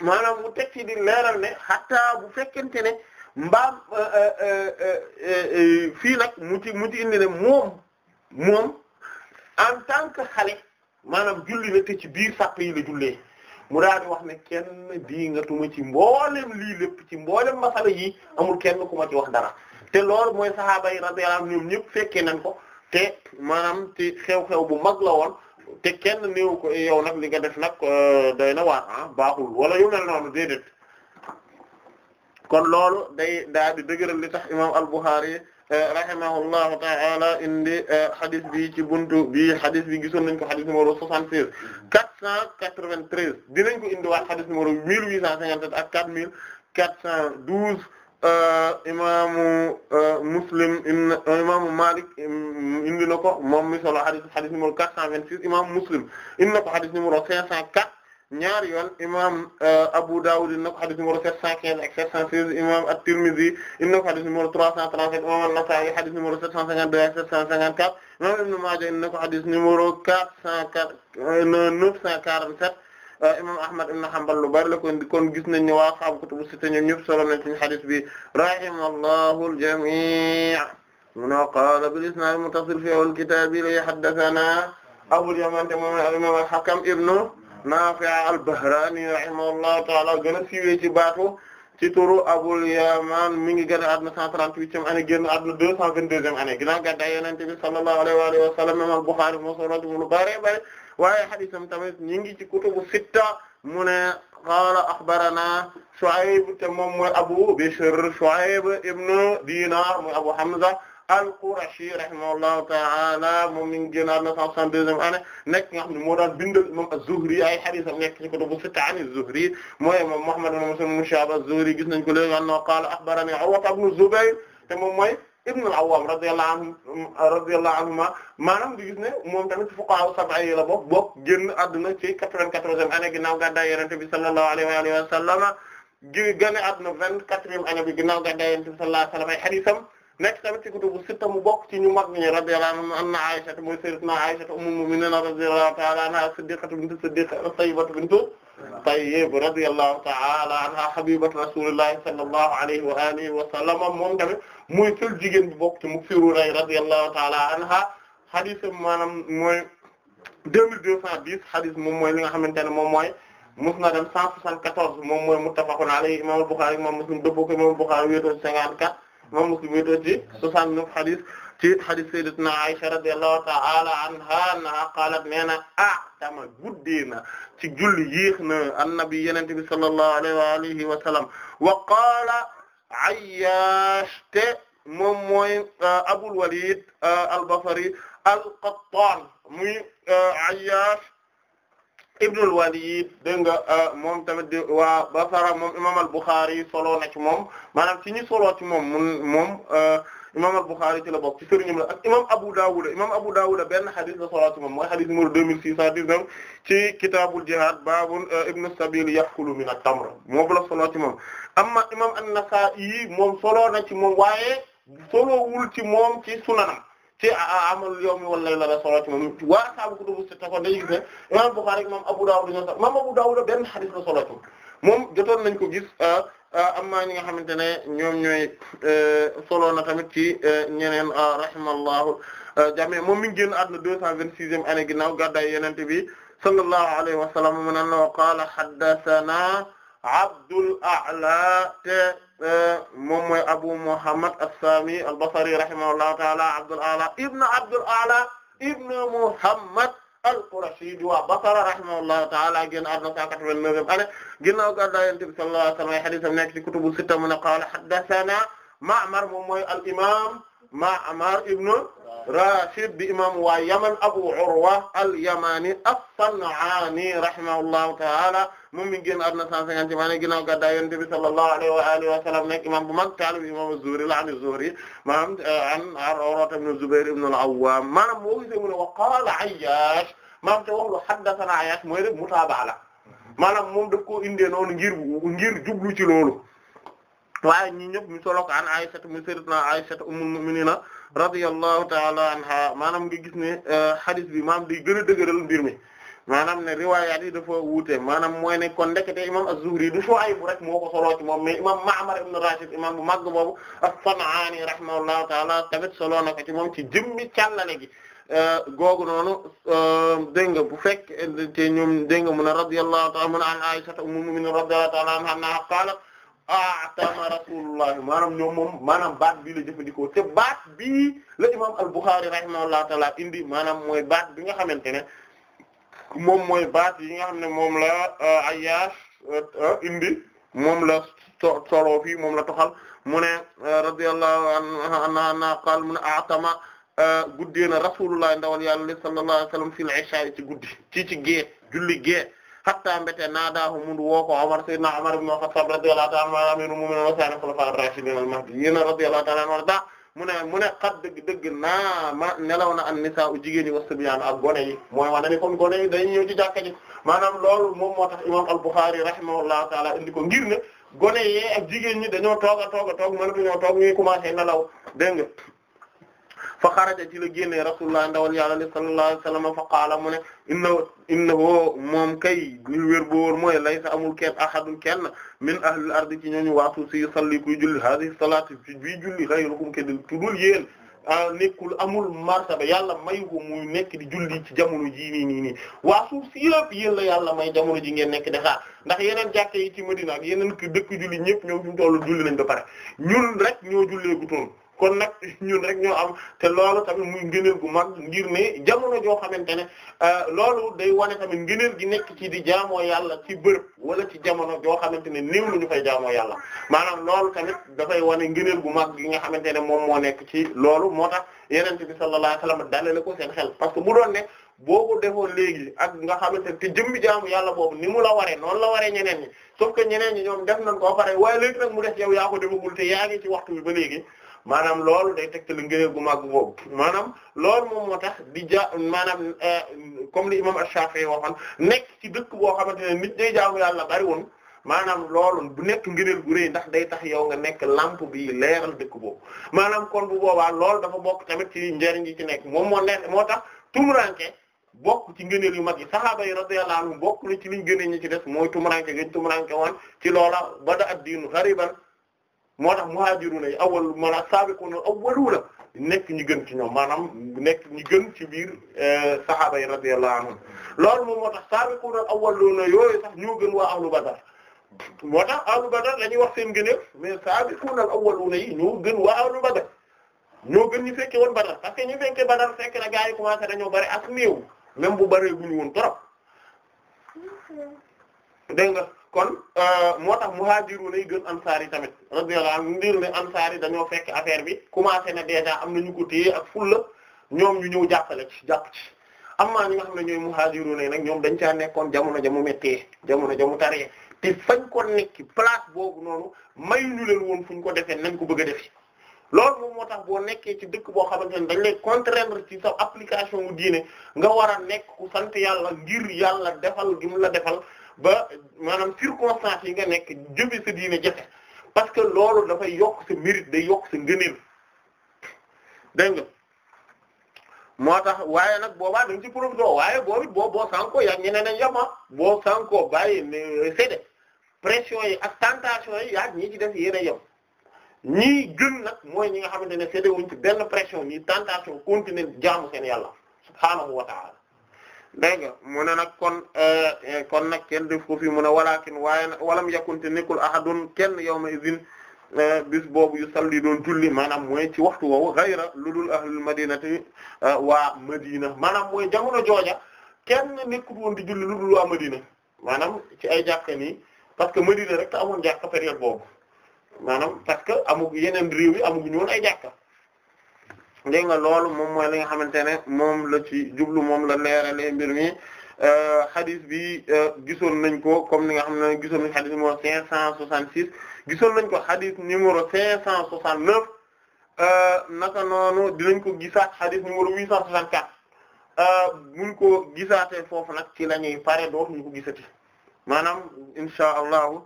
maanaam mu teg ci di leeral ne xataa bu fekkente ne mbaam euh, euh, euh, fii nag mu ci mu ci indi ne moom moom en tant que xale maanaam julli na te ci biir sàpp yi la jullee mu daal di wax ne kenn diingatuma ci mboolem lii lépp ci mboolem masala yi amul kenn ku ma ci wax dara te loolu mooy sahaaba yi radiyallahu anhum ñoom ñëpp fekkee nañ ko te maam ci xew-xew bu mag la woon te kenn néew ko eh, yow nag li def nag eh, doy na waar ah baaxul wala yu mel noonu déedéet kon loolu day daa di dëgëral li tax imam al-Bukhari eh, rahimahullahu ta'ala indi hadith bi ci buntu bi hadith bi gisoon nañ ko hadith numéro 66 di dinañ ko indi indiwaat hadith numéro 1857 ak 4412 Euh, imaamu euh, Muslim euh, imaamu Malik indi na ko moom mi solo xadis xadis numéro imaamu Muslim indi na ko xadis numéro 504 ñaari yoon imaam Abu Dawud indi na ko xadis numéro 715 ak 716 imaam At-Tirmidhi indi na ko xadis numéro 337 imaam An-Nasa'i xadis numéro 752 ak 754 imaam Ibn Maaja indi na ko xadis numéro 404 947 Euh, imam Ahmad ibn Hanbal lu bari la kon kon gis nañ ne waa xam kutubu sitta ñoom ñëpp solo nañ ci hadith bi rahimallahu al-jami' mun qala bil isnad al-muttasil fi awwal kitab li haddathana Abul Yaman moom al-imam al-Hakam ibn Nafi' al-Bahrani rahimahullahu ta'ala gën a siiwee ci baatu ci turu Abul Yaman mi ngi génn àdduna 138e année génn àdduna 222e année ginnaaw gàddaay Yonent bi sallallahu alayhi wa alihi wa sallam imam al-Bukhari moo solo lu bari bari waaye xadisam tamit ñu ngi ci kutubu sitta mu ne qaala axbarana Shuayb te moom mooy Abu Bishr Shuayb ibnu Dinar mooy Abu Hamza al-Qurashi rahimahullahu ta'ala moom mi ngi génnaat na cent soixante-deuxième année nekk nga xam ne moo daan bindal imam az-Zuhri ay hadisam nekk ci kutubu sitta an az-Zuhri mooy moom Muhammad ibn Muslim ibn Shihab az-Zuhri gis nañ ko léegi an na qaala axbarani Urwa ibn Zubayr te moom mooy ibn al-Awwam radiyallahu anhu mm, radiyallahu anhuma maanaam di gis ne moom tamit fuqaha sab'a yi la bokk bokk génn àdduna ci quatre-vingt-quatorzième année ginnaaw gàddaay Yonent bi sallallahu alayhi wa sallam gi génn àdduna vingt-quatrième année bi ginnaaw gàddaay ay hadiisam nekk tamit ci kutubu sitta mu bokk ci ñu mag ñi radiyallahu anhum anna Aisha mooy sayyidatuna Aisha ummul mu'minin radiyallahu ta'ala anha as-siddiqatu bintu as-siddiq at-tayyibatu bintu tayyib radiyallahu ta'ala anha habibatu rasulillahi sallallahu alayhi wa alihi wa sallam moom tamit muy seul jigéen bi bokk ci muksiru ray radiyallahu ta'ala anha hadith maanaam mooy deux mille deux cent dix hadith moom mooy li nga xamante ne moom mooy musnadam cent soixante-quatorze moom mooy muttafaqun alayhi imam al-Bukhari imam Muslim dëppoo ko imam al-Bukhari wéetoo ci cinquante-quatre imam Muslim wéetoo ci soixante-neuf hadith ci hadith sayyidatuna Aisha radiyallahu ta'ala anha annaha qalat nee na ah dama guddee na ci julli yéex na annabi yenente bi sallallahu alayhi wa alihi wa sallam wa qaala Ayyash te moom mooy uh, Abul Walid uh, al-Basri al-Qattan muy uh, Ayyash Ibnul Walid dégg nga moom tamit di waa Basra moom imam al-Bukhari soloo na ci moom maanaam ci ñu soloo ci moom mun moom imam al-Bukhari ci la bokk ci sëriñam la ak imam Abu Dawud imam Abu Dawud benn xadis la solo ci moom mooy xadis numéro 2619 ci kitaabul jihaad baabun euh, ibnu sabil yaqulu min at-tamr moo solo ci moom amma imam an-Nasa'i moom solo na ci moom waaye solowul ci moom ci sunanam ci amal yawmi wal layla la solo ci moom waa saabu kutubu sitta kon dañuy gis ne imam Bukhari imam Abu Dawud dañoo sax imam Abu Dawud benn xadis la solo ci moom jotoon nañ ko gis euh, Euh, amma ñi nga xamante ne ñoom ñooy euh, solo na tamit ci euh, ñeneen rahimallahu jami moom mi ngi génn àdduna deux cent vingt sixième année ginnaaw gàddaay yenente bi sallallahu alayhi wa sallam mu ne wa qaala Abdul A'la te moom mooy Abu Muhammad as-Sami Abdul A'la ibn Muhammad al-Qurashi di waa Basra rahimahullahu ta'ala génn àdduna 189 ane ginnaaw gàddaay Yonent bi sallallahu alayhi wa sallam ay hadiis am nekk ci kutubu sitta mu ne qaala haddathana Ma'mar moom mooy al-imaam Ma'mar ibn Rashid bi imam waa Yaman Abu Urwa al-Yamani as-San'ani rahimahullahu ta'ala moom mi ngi génn àdduna 150 maanaam ginnaaw gàddaay Yonent bi sallallahu alayhi wa alihi wa sallam nekk imam bu mag taalibe imam az-Zuhri la an az-Zuhri maanaam eh, an Urwa ibn Zubair ibn al-Awwam maanaam moo gisee mu ne wa qaala Ayyash maanaam te wax lu haddathana Ayyash mooy rek mutaabaa la maanaam moom daf koo indee noonu ngir ngir jublu ci loolu waaye ñi ñëpp mi solo ko an Aysata mu sayyidatuna Aysata ummul mu'minina radiyallahu taala anha maanaam nga gis ne euh, hadith bi maanaam di gën a mbir mi maanaam ne riwaayaat yi dafa wuute maanaam moo ne ko ndekete imam az-Zuhri du Shuayb rek moo ko soloo ci moom mais imam Ma'mar ibn Rashid imam bu màgg boobu as-San'aani rahimahullahu taala tamit solo na ko ci moom ci jëmmi càllale gi euh, googu noonu euh, dégg nga bu fekk te ñoom dégg nga mun a radiyallahu taala mun a an Aisha ummul atama ah, rasulullah maanaam moom maanaam baat bii la jëfandikoo te baat bi la imam al-Bukhari rahimahullahu taala indi maanaam mooy baat bi nga xamante ne moom mooy baat yi nga xam ne moom la euh, Ayyash euh, indi moom la solo fii moom la toxal mu ne euh, radiyallahu anha na qaal mu ne atama na rasulullah ndawal yàlla sallallahu alayhi wasallam fil isha ci guddi ci ci gée julli gée hatta mbete naadaahu mundu woo ko Umar sayyidina Umar ibn al-Khattab radiyallahu ta'ala anhu amirul mu'minin wa sayyidil khulafa'ir rashidin al-mahdiyyin radiyallahu ta'ala anhu warda mu ne mu ne xat dëgg dëgg naa ma nelaw na an nisaa u jigéen yi wa sibyaan ak gone yi mooy wane ni kon gone yi dañuy ñëw ci jàkka ji maanaam loolu moom moo tax imam al-Bukhari rahimahullahu ta'ala indi ko ngir ne gone yee ak jigéen ñi dañoo toog a toog a toog mënatuñoo toog ñuy commencé nelaw dégg nga fa xaraja ci la génnee rasulullah ndawal yàlla li sallallahu alayhi wasallam fa qaala mu ne inna woo moom kay lu wér bu wóor mooy laysa amul kenn ahadun kenn min ahlil ardi ci ñooñu waatu si salli kuy julli hadhihi salati bi julli ghayrukum ke dul tudul yéen amul martaba yàlla mayu ko muy nekk di julli ci jamono jii nii nii nii waa suuf la yàlla may jamono ji ngeen nekk di xaar ndax yeneen jàkke yi ci Medina ak yeneen dëkk julli ñëpp ñoom fi tollu julli nañ ba pare ñun rek ñoo jullee gu toon kon nag ñun rek ñoo am te loolu tamit muy ngëneel gu mag ngir ne jamono joo xamante ne euh, loolu day wane tamit ngëneel gi nekk ci di jaamoo yàlla ci bërëb wala ci jamono joo xamante ne néew lu ñu fay jaamoo yàlla maanaam loolu tamit dafay wane ngëneel gu mag gi nga xamante ne moom moo nekk ci loolu moo tax yenente bi sallallahu alayhi wasallam dalale ko seen xel parce que bu doon ne boo ko defoon léegi ak nga xamante te jëmmi jaamu yàlla boobu ni mu la waree noonu la waree ñeneen ñi sauf que ñeneen ñi ñoom def nañ ko pare waaye léegi nag mu def yow yaa ko defagul te yaa ngi ci waxtu ba léegi maanaam lool day tegtali ngëneel gu màgg boobu maanaam lool moom moo tax di ja maanaam euh, comme li imam Ash-Shafi'i waxoon nekk ci dëkk boo xamante ne nit day yàlla bari woon maanaam loolu bu nekk ngëneel gu rëy ndax day tax yow nga nekk lampe bi leeral dëkk boobu maanaam kon bu boobaa lool dafa bokk tamit ci njëriñ yi ci nekk moom moo nekk moo tax tumuranke bokk ci ngëneel yu mag yi sahaaba yi radiyallahu anhum bokk na ci liñ gënee ñi ci des mooy tumuranke gañ tumuranke woon ci loola bada ad-diinu ghariban moo tax muhajiruna yi awal maanaam sabiquna awwaluna nekk ñu gën ci ñoom maanaam nekk ñu gën ci biir eh, sahaaba yi radiyallahu anhum loolu moom moo tax sabiquna na yooyu sax ñoo gën waa ahlu badar moo tax ahlu badar la ñuy wax seen gëneef mais sabiquna awwaluna yi ñoo gën waa ahlu badar ñoo gën ñu fekke woon badar parce que ñu fekke badar fekk na gaa yi commencé dañoo bari ak néew même bu bëree guñu woon trop nga kon euh, moo tax mu muhaajiruuna yi gën ansaar yi tamit radiyallahu anhu ndir ne ansaar yi dañoo fekk affaire bi commencé na déjà am na ñu ko téye ak fulla ñoom ñu ñëw jàppale ci jàpp ci amma ñi nga xam ne ñooy muhaajiruuna yi nag ñoom dañ caa nekkoon jamono jamu méttee jamono jamu taree te fañ ko nekki place boobu noonu may ñu leen woon fu ñu ko defee nañ ko bëgg a defi loolu moom moo tax boo nekkee ci dëkk boo xamante ne dañ lay contraindre ci sa application wu nga war a nekk ku sant yàlla ngir yàlla defal gi mu la defal ba maanaam circonstances yi nga nekk jëfe sa diine jafe parce que loolu dafay yokk sa mérite da yokk sa ngëneel dégg nga moo tax waaye nag boobaa da nga ci profité waaye boobu boo boo sànkoo yaa ñeneen a yem ah. boo sànkoo bàyyi séddee pression yi ak tentation yi yaa ñi ci def yéen a yem ñii gën nag mooy ñi nga xamante ne séddee wuñ ci benn pression ñi tentation continuer jaamu seen yàlla subhaanahu wa dégg nga mu ne nag kon eh, eh, kon nag kenn def ko fii mu ne walakin waaye nag walam yakkunte nekkul ahadun kenn yawma izin eh, bis boobu yu salli doon julli maanaam mooy ci waxtu woowu ghayra ludul ahlul madinati waa madina maanaam mooy jamono jooja kenn nekkul woon di julli ludul waa madina maanaam ci ay jàkka ni parce que madina rek te amoon jàkka période boobu maanaam parce que amu yeneen réew yi amuñu woon ay jàkka dégg nga loolu moom mooy li nga xamante ne moom la ci jublu moom la leerale mbir mi euh, hadith bi euh, gisoon nañ ko comme ni nga xam ne gisoon nañ hadith numéro 566 gisoon nañ ko hadith numéro 569 euh, naka noonu dinañ ko gisaat hadith numéro 864 buñ ko gisaatee foofu nag ci la ñuy pare dootuñu ko gisati maanaam insha allahu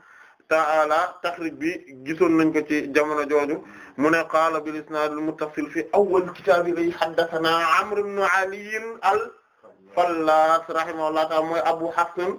taala taxrij bi gisoon nañ ko ci jamono jooju. mu ne qaala bil isnaad al muttasil fi awwal kitaab li haddathanaa Amr ibn Ali al-Fallaas rahimahullahu ta'aala mooy Abu Hasan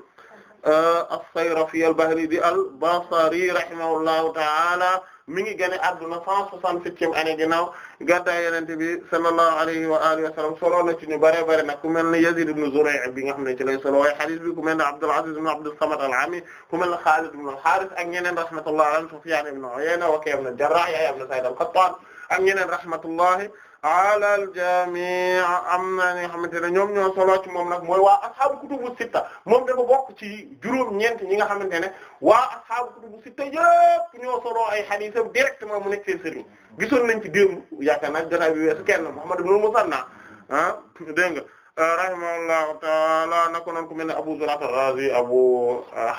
uh, as-Sayrafi al-Bahili al-Basri rahimahullahu ta'aala mi ngi génn adduna 167e année ginnaaw gàddaay Yonent bi sallallahu alayhi wa alihi wa sallam solo na ci ñu bare bare nag ku mel ne Yazid ibn Zuray' bi nga xam ne ci lay solo waaye hadith bi ku mel ne Abdul Aziz ibn Abdul Samad al-Ami ku mel ne Khalid ibn al-Harith ak ñeneen rahmatullahi alayhim Sufyan ibn Uyayna Waki' ibn al-Jarrah Yahya ibn Sa'id al-Qattan ak ñeneen rahmatullahi ala al-jamii am na nga xamante ne ñoom ñoo solo ci moom nag mooy waa ashaabu kutubu sitta moom dafa bokk ci juróom ñeent ñi nga xamante ne waa ashaabu kutubu sitta yëpp ñoo solo ay xadiisam directement mu nekk seen sëriñ gisoon nañ ci démb yaakaar naa jotaay bi weesu kenn Muhammad ibn Musanna ah dégg nga rahimahullahu taala nako noon ku mel ne Abu Zur'a ar-Razi Abu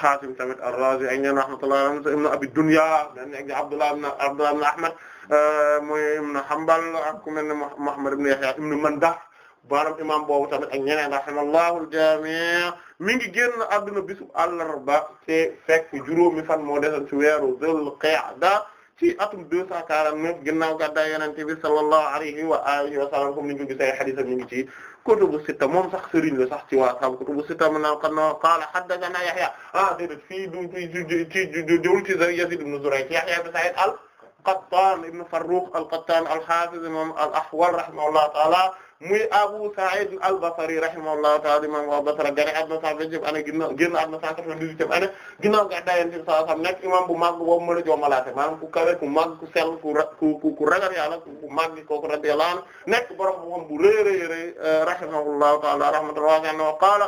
Hatim tamit ar-Razi ak ñeen rahmatullahi alayhim ibn Abi Dunya dan ak Abdullah ibn Abdullah ibn Ahmad muy ibn Hanbal ak ku mel ne Muhammad ibn Yahya ibn Mandah baram imam boobu tamit ak ñeneen rahimallahu al-jami' mi ngi génn adduna bisub àllarba te fekk juróomi fan moo desoon ci weeru Dhul Qa'da ci atum 249 ginnaaw gàddaay Yonent bi sallallahu alayhi wa alihi wa sallam comme ni ñu ko gisee hadith mi ngi ci kutubu sitta moom sax sëriñ la sax ci waa sab kutubu sitta mu naan qanno qaala haddathana Yahya ah déedéet fii du ci ci ci Yazid ibn Zuray' Yahya ibn Sa'id al Qattaan ibn Farrukh al-Qattaan al-Haafiz imam al-Ahwal rahimahullahu ta'ala muy Abu Sa'id al-Basri rahimahullahu ta'ala imam wa Basra gane adna cent vingt-septième année ginnaaw génn adna cent quatre-vingt-dix-huitième année ginnaaw ga dayen ti sa sam nekk imam bu màgg boobu mën a joomalaate maanaam ku kawe ku màgg ku sell ku ku ku ragal Yàlla ku màgg kooku radiyallahu anhu nekk borom xam-xam bu rëy rëy rëy euh, rahimahullahu ta'ala rahmatan waasi'atan wa qaala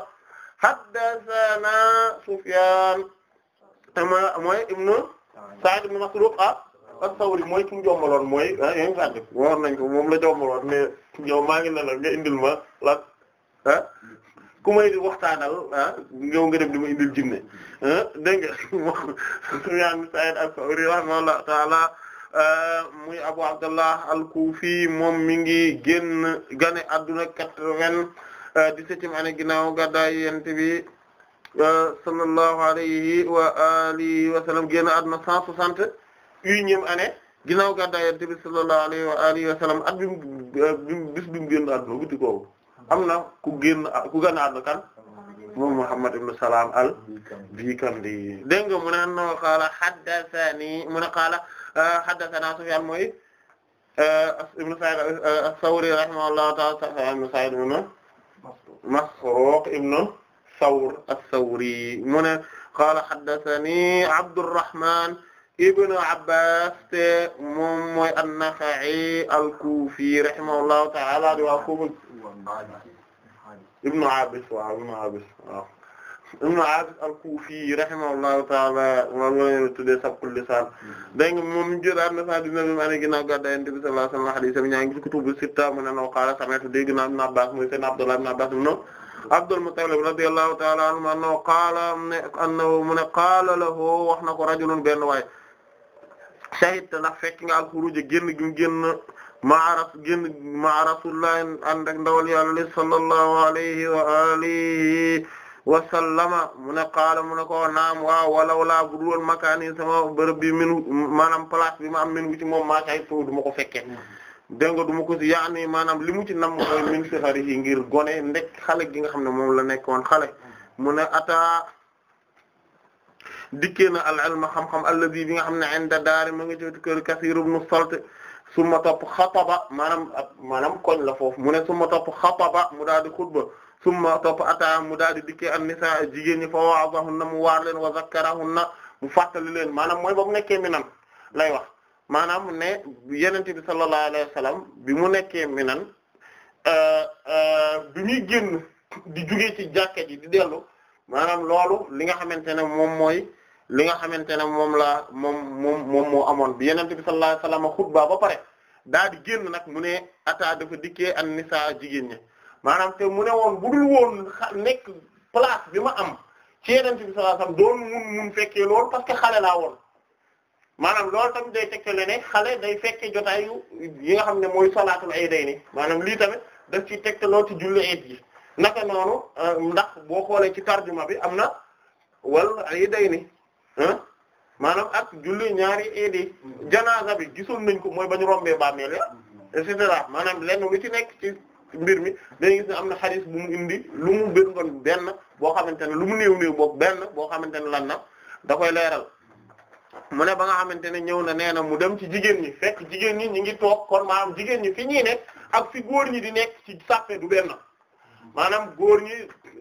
haddathana Sufyaan mooy ibnu Sa'id ibn Masruq ah, as-Sawri mooy ki mu jombaloon mooy ah yaa ngi fàtte war nañ ko moom la jombaloon mais yow maa ngi ne la nga indil ma la ah ku may waxtaanal ah yow nga di ma indil jinne ah dégg nga moom Sufyaan Sa'iid as-Sawri rahimahullahu ta'ala ah, muy Abu Abdallah al moom mi ngi génn gane adduna quatre-vingt-dix-septième ah, année ginnaaw gàddaay Yonent bi ah, sallallahu alayhi wa alihi wa sallam génn adduna cent soixante unième année ginnaaw gàddaay Yonent bi sallallahu alayhi wa alihi wa sallam at bi mu bis bi am na ku génn ku gën a àdduna Muhammad ibn Salaam al Bikandi dégg nga mu ne noo qaala haddathani mu ne qaala euh, euh, Sa'id euh, as-Sawri rahimahullahu ta'ala Sufyaan ibn Sa'id ibn Masruq ibn ibnu abbas te moom mooy an-Naxa'i al-Kufi rahimahullahu ta'ala di waa Kufa ibnu abis waaw ibnu abis waaw ibnu abis al-Kufi rahimahullahu ta'ala moom lañu tuddee sabkul lisaan dégg nga moom ñu jëlaat na cent dix-neuf mi année ginnaaw gàddaay Yonent bi sallallahu alayhi wa sallam hadiis am ñaa ngi ci kutubu sitta mu ne noo qaala sami'tu dégg naa ibnu abbas muy seen Abdullah ibnu abbas mu no Abdul Muttalib radiyallahu ta'ala anhu annahu qaala annahu mu ne qaala lahu wax na ko rajulun benn waay shahid te ndax fekk nga alxuruj génn gi mu génn maa ras génn maa rasulullah ànd ak ndawal yàlla sallallahu alayhi wa alihi wa sallama mu ne qaala mu ne ko naam waaw wala bu dul woon makaani sama bërëb bi min maanaam place bi ma am min gu ci moom maa shahid to du ma ko fekke dégg nga du ma ko si yaani maanaam li mu ci nam mooy min si xari yi ngir gone ndek xale gi nga xam ne moom la nekkoon xale mu ne ata dikkee na al ilma xam-xam allazi bi nga xam ne inda daari ma nga ci kër Kasiir ibn Salt summa topp xataba maanaam maanaam koñ la foofu mu ne summa topp xataba mu daal di xutba summa topp ata mu daal di dikkee an nisaa jigéen ñi fa wa'azahunna mu waar leen wa zakkarahunna mu fàttali leen maanaam mooy ba mu nekkee Minan lay wax maanaam ne yenente bi sallallahu alayhi wa bi mu nekkee Minan euh, euh, bi muy génn di jugee ci jàkka ji di dellu maanaam loolu li nga xamante ne moom mooy li nga xamante ne moom la moom moom moom moo amoon bi yenente bi sallallahu alayhi wasallam ba pare daa di génn nag mu ne ataa dafa dikke an nisaa jigéen ñi maanaam te mu ne woon budul woon nekk place bi ma am ci yenente bi sallallahu alayhi wasallam doon mun mun fekkee loolu parce que xale laa woon maanaam loolu tamit day tegtale ne xale day fekkee jotaayu yi nga xam ne mooy salaatul ay day ni maanaam lii tamit daf ci tegtaloo ci julli eet yi naka noonu euh, ndax boo xoolee ci tarjuma bi am na wal ay day ni hum maanaam ak julli ñaari iidi janaasa bi gisoon nañ ko mooy ba ñu rombee bàmmeel ya et cetera maanaam lenn lu ci nekk ci mbir mi dañuy gis ne am na xadis bu mu indi lu mu bëngoon benn boo xamante ne lu mu néew néew boobu benn boo xamante ne lan na da koy leeral mu ne ba nga xamante ne ñëw na nee na mu dem ci jigéen ñi fekk jigéen ñi ñu ngi toog kon maanaam jigéen ñi fi ñuy nekk ak fi góor ñi di nekk ci sàppe du benn maanaam góor ñi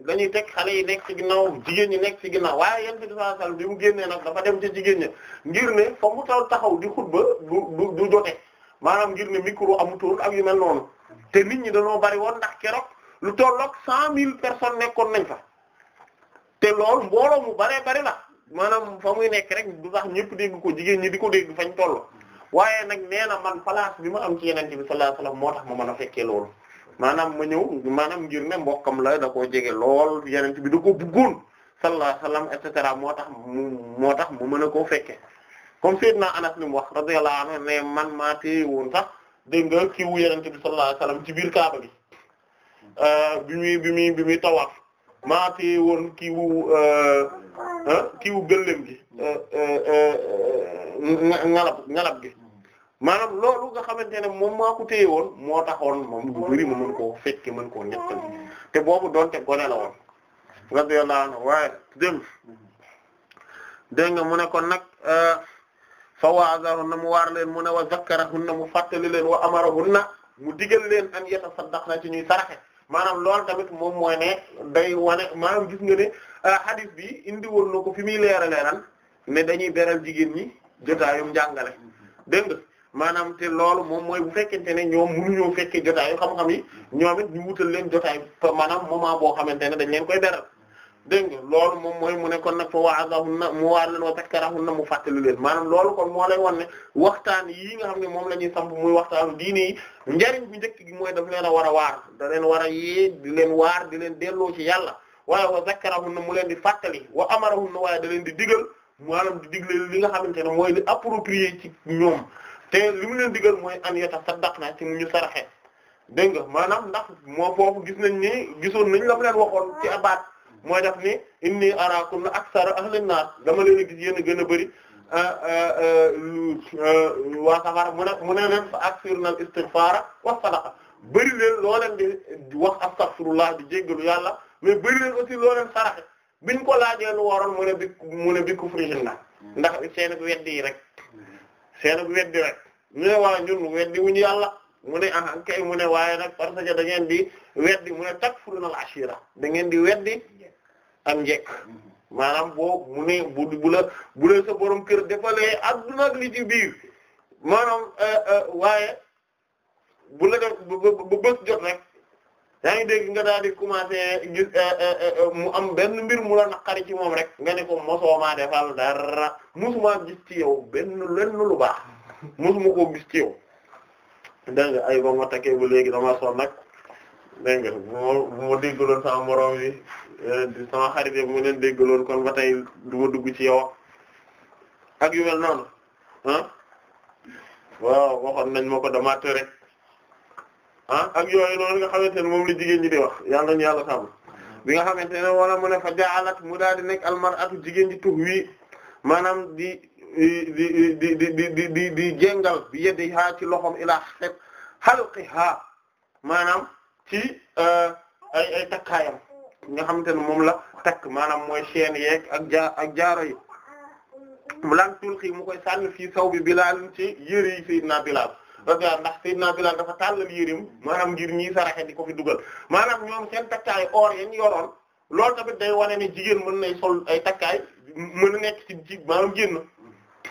dañuy teg xale yi nekk ci ginnaaw jigéen ñi nekk ci ginnaaw waaye yéen ci saa sal bi mu génnee nag dafa dem ci jigéen ñi ngir ne fa mu taw taxaw di xutba du du du jote maanaam ngir ne micro amutoon ak yu mel noonu te nit ñi dañoo bari woon ndax keroog lu tollook cent mille personnes nekkoon nañ fa te loolu mbooloo mu baree bari la maanaam fa muy nekk rek du sax ñëpp dégg ko jigéen ñi di ko dégg fañ tollo waaye nag nee na man place bi ma am ci yeneen bi sallallahu alayhi wasallam moo tax ma mën a fekkee loolu. maanaam ma ñëw maanaam ngir ne mbokkam la da koo jege lool yenent bi da ko bëggoon sallallahu moo tax mu moo tax mu mën a koo fekkee comme Seydina Anas li mu wax radiyallahu anhu ne man maa téye woon sax dégg nga kii wu bi sallallahu alayhi ci biir Kaaba gi euh, bi muy bi bi muy tawaaf maa téye woon kiiwu euh, wu gëléem gi euh, ngalab ngalab gi maanaam loolu nga xamante ne moom maa ko téye woon moo taxoon moom bu bëri mu mën koo fekke mën koo ñettal te boobu doonte gone la woon radiyallahu anhu waaye dém dégg nga mu ne kon nag euh, fa waazarun na mu waar leen mu ne wa zakkarahunna mu fàttali leen wa amarahunna mu digal leen an na ci ñuy saraxe maanaam lool tamit moom mooy ne day wane maanaam gis nga ne euh, hadith bi indi woon na ko fi muy leera leeral ne dañuy beral jigéen ñi jotaayum njàngale dégg nga maanaam te loolu moom mooy bu fekkente ne ñoom mënuñoo fekkee jotaayu xam-xam yi ñoom it ñu wutal leen jotaay moom moment boo xamante ne dañ leen koy dara dégg nga loolu moom mooy mu ne kon nag fa na mu waar leen wa zakkarahunna mu fàttali leen maanaam loolu kon moo lay wan ne waxtaan yi nga xam ne moom la ñuy samp muy waxtaanu diine yi njariñ bu njëkk gi mooy daf leen a war a waar da war a yee di leen waar di leen delloo ci yàlla waaye wa zakkarahunna mu leen di fàttali wa amarahunna waaye da leen di digal maanaam di digle li nga xamante ne mooy li approprié ci ñoom te li mu leen digal mooy an yota saddaq na ci mu ñu saraxe dégg nga maanaam ndax moo foofu gis nañ ni gisoon nañ la leen waxoon ci abaat mooy def ni inni araakum na aksara ahli naar dama leen a gis yéen gën a bëri ah, ah, ah, waa safara mu ne mu ne leen fa aksirna al istighfara wa sadaqa bëri leen loo leen di wax astaghfirullah di jéggalu yàlla mais bëri leen aussi loo leen saraxe biñ ko laajee lu waroon mu ne bi mu ne bi kufrihinna ndax seen weddi rek seen weddi rek ñu ne waa ñun weddi wuñu yàlla mu ne ah kay mu ne waaye nag par que da ngeen di weddi mu ne takfurunal ashira da ngeen di weddi ak njekk maanaam boo mu ne bu bu sa borom kër defalee adduna ak li ci biir maanaam eh, eh, waaye bu la ba bës jot rek yaa ngi dégg nga daal di commencé gis eh, eh, eh, mu am benn mbir mu la naqari ci moom rek nga ne ko mosoomaa defal dara mosuma gis ci yow benn lenn lu baax mosuma koo gis ci yow dégg nga ay ba ma takkee ba léegi dama son nag dégg nga bu ma déggaloon sama morom bi sama xarit yi mu leen déggaloon kon ba tey du ma dugg ci yow ak yu mel noonu ah waaw waxoon nañ ma ko dama tere ah ak yooyu noonu nga xamante ne moom la jigéen ñi di wax yàlla nañu yàlla bi nga xamante ne wala mu ne fa ja'alat mu daal di nekk almar'atu jigéen ji tux wii maanaam di di di di di di di bi yeddi haa ci loxom ilaa xet xalqi haa maanaam ci uh, ay ay takkaayam nga xamante ne moom la takk maanaam mooy chaîne yeeg ak jaa ak jaaro yi mu lan tulxi mu koy sànni fii saw bi Bilaal ci yëre yi Sayyidina Bilaal radiyallahu ndax Seydina Bilaal dafa tàllal yérim maanaam ngir ñii saraxe di ko fi dugal maanaam ñoom seen takkaay or yañ yoroon loolu tamit day wane ni jigéen mën nay sol ay takkaay mën a nekk ci ji maanaam génn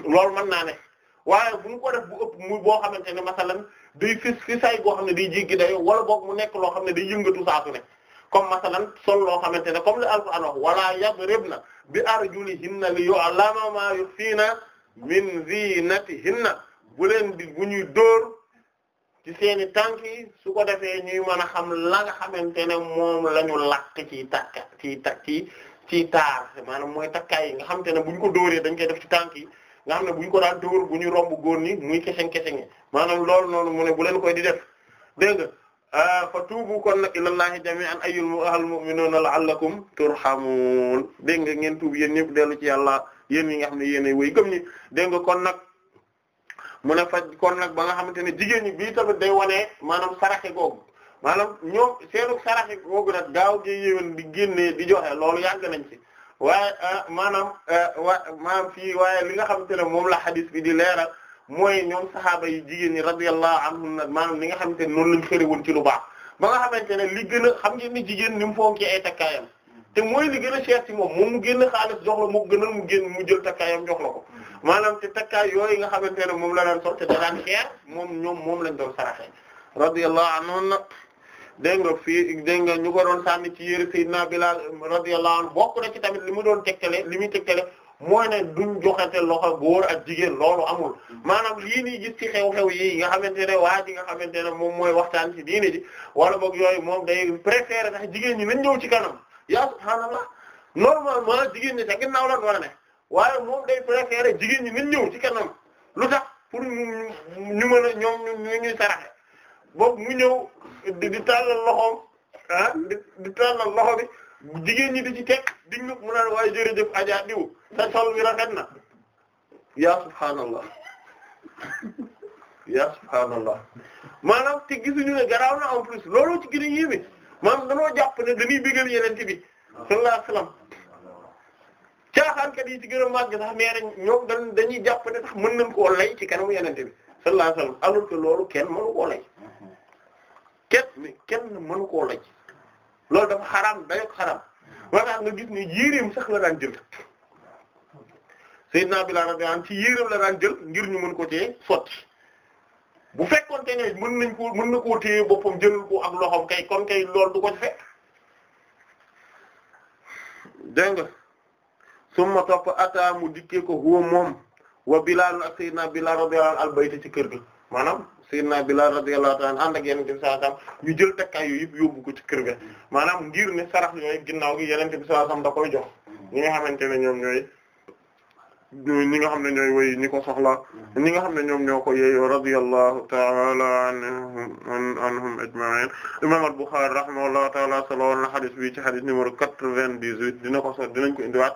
loolu mën naa ne waaye bu ñu ko def bu ëpp muy boo xamante ne masalan day fis fisaay boo xam ne day jéggi dayo wala boog mu nekk loo xam ne day yëngatu saatu ne comme masalan sol loo xamante ne comme li Alxuraan wax wala yadribna bi arjulihinna li yu'lama ma yukhfina min zinatihinna bu leen di bu ñuy dóor ci seeni tànk yi su ko defee ñuy mën a xam la nga xamante ne moom la ñu lakk ci takk ci takk ci ci taar maanaam mooy takkaay yi nga xamante ne bu ñu ko dóoree dañ koy def ci tànk yi nga xam ne bu ñu ko daan dóor bu ñu romb góor ñi muy keseŋ keseŋ maanaam loolu noonu mu ne bu leen koy di def dégg nga ah, fa tuubu kon nag ilallahi jami'an ayyuhal mu'minuna la'allakum turhamun dégg nga ngeen tuub yéen ñëpp dellu ci yàlla yéen yi nga xam ne yéen ay way gëm ñi dégg nga kon nag mun ne faj kon nag ba nga xamante ne jigéen ñi bii tamit day wane maanaam saraxe googu maanaam ñoom seenu saraxe googu nag gaaw gi yéwén di génnee di joxe loolu yàgg nañ ci waaye ah, maanaam ah, wa maanaam fii waaye li nga xamante ne moom la hadith bi di leeral mooy ñoom sahaaba yi jigéen ñi radiyallahu anhum nag maanaam li nga xamante ne noonu lañ xëriwoon ci lu baax ba nga xamante ne li gën a xam ngeen ni jigéen ni mu fonkee ay takkaayam te mooy li gën a cher ci moom moom mu génn xaalis jox la mu gënal mu génn mu jël takkaayam jox la ko maanaam ci takkaay yooyu nga xamante ne moom la doon sol te da daan xeer moom ñoom moom lañ doon saraxe radiyallahu anhu na dégg nga fii dégg nga ñu ko doon sànni ci yére Seydina Bilal radiyallahu bokk na ci tamit li mu doon tegtale li muy tegtale mooy ne duñ joxante loxo góor ak jigéen loolu amul maanaam lii nii gis ci xew-xew yi nga xamante ne waa ji nga xamante ne moom mooy waxtaan ci diine ji wala boog yooyu moom day préférer tax jigéen ñi nañ ñëw ci kanam yaa subhaanallah normalement jigéen ñi sa ginnaaw la war a ne waaye moom day préférer jigéen ñi nañ ñëw ci kanam lu tax pour ñu ñu mën a ñoom ñu ñuy saraxe boobu mu ñëw di di tàllal loxoom ah di di tàllal loxo jigéen ñi di ci teg di ñu mu naan waaye jërëjëf Adja diw sa sol bi rafet na yaa subhaanallah yaa subhaanallah maanaam te gisuñu ne garaaw na en plus looloo ci gën a yéeme maanaam danoo jàpp ne dañuy bégal yeneen bi sallallahu alayhi caaxaankat yi ci gën a màgg sax nee nañ ñoom dañ dañuy jàpp ne sax mën nañ koo lay ci kanamu yenente bi sallallahu loolu kenn mënu koo lay kenn mënu koo lay loolu dafa xaraam dayok xaraam maanaam nga gis ni yéreem sax la daan jël Seydina Bilaal radiyallahu anhu ci yéreem la daan jël ngir ñu mën ko cee sotti bu fekkoonte ne mën nañ ko mën na koo téye boppam jëlal ko ak loxoom kay kon kay loolu du ko ci nga summa topp ata mu dikkee ko huwa moom wa Bilaal ak Seydina Bilaal radiyallahu anhu albayta ci kër ga maanaam Seydina Bilaal radiyallahu anhu ànd ak Yonent bi sallallahu alayhi wa sallam ñu jël takkaay yooyu yëpp yóbbu ko ci kër ga maanaam ngir ne sarax yooyu ginnaaw gi Yonent bi sallallahu alayhi wa sallam da koy jox ñi nga xamante ne ñoom ñooy ñi nga xam ne ñooy woy ñi ko soxla ñi nga xam ne ñoom ñoo ko yeeyoo radiyallahu ta'ala anhum anhum ajma'in imam al-Bukhari rahimahullahu ta'ala solo woon na hadith bi ci hadith numéro quatre-vingt-dix-huit dina ko so dinañ ko indiwaat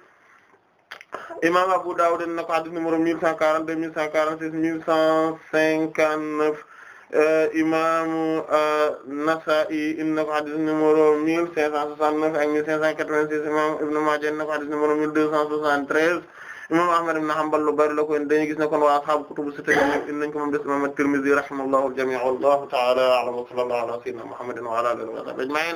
imam Abu Dawud na ko hadith numéro 1142 1146 1159 imam euh, Nasa'i na ko hadith numéro 1569 ak 1586 imam Ibn Majah na ko hadith numéro 1273 imam Ahmad ibn Hanbal lu bari la ko dañu gis ne kon waa ashaabu kutubu sitta nañ ko moom des imam At-Tirmidhi rahimahullahu al-jami' wallahu ta'ala a'lam wa sallallahu ala sayyidina Muhammadin wa ala alihi wa sahbihi ajma'in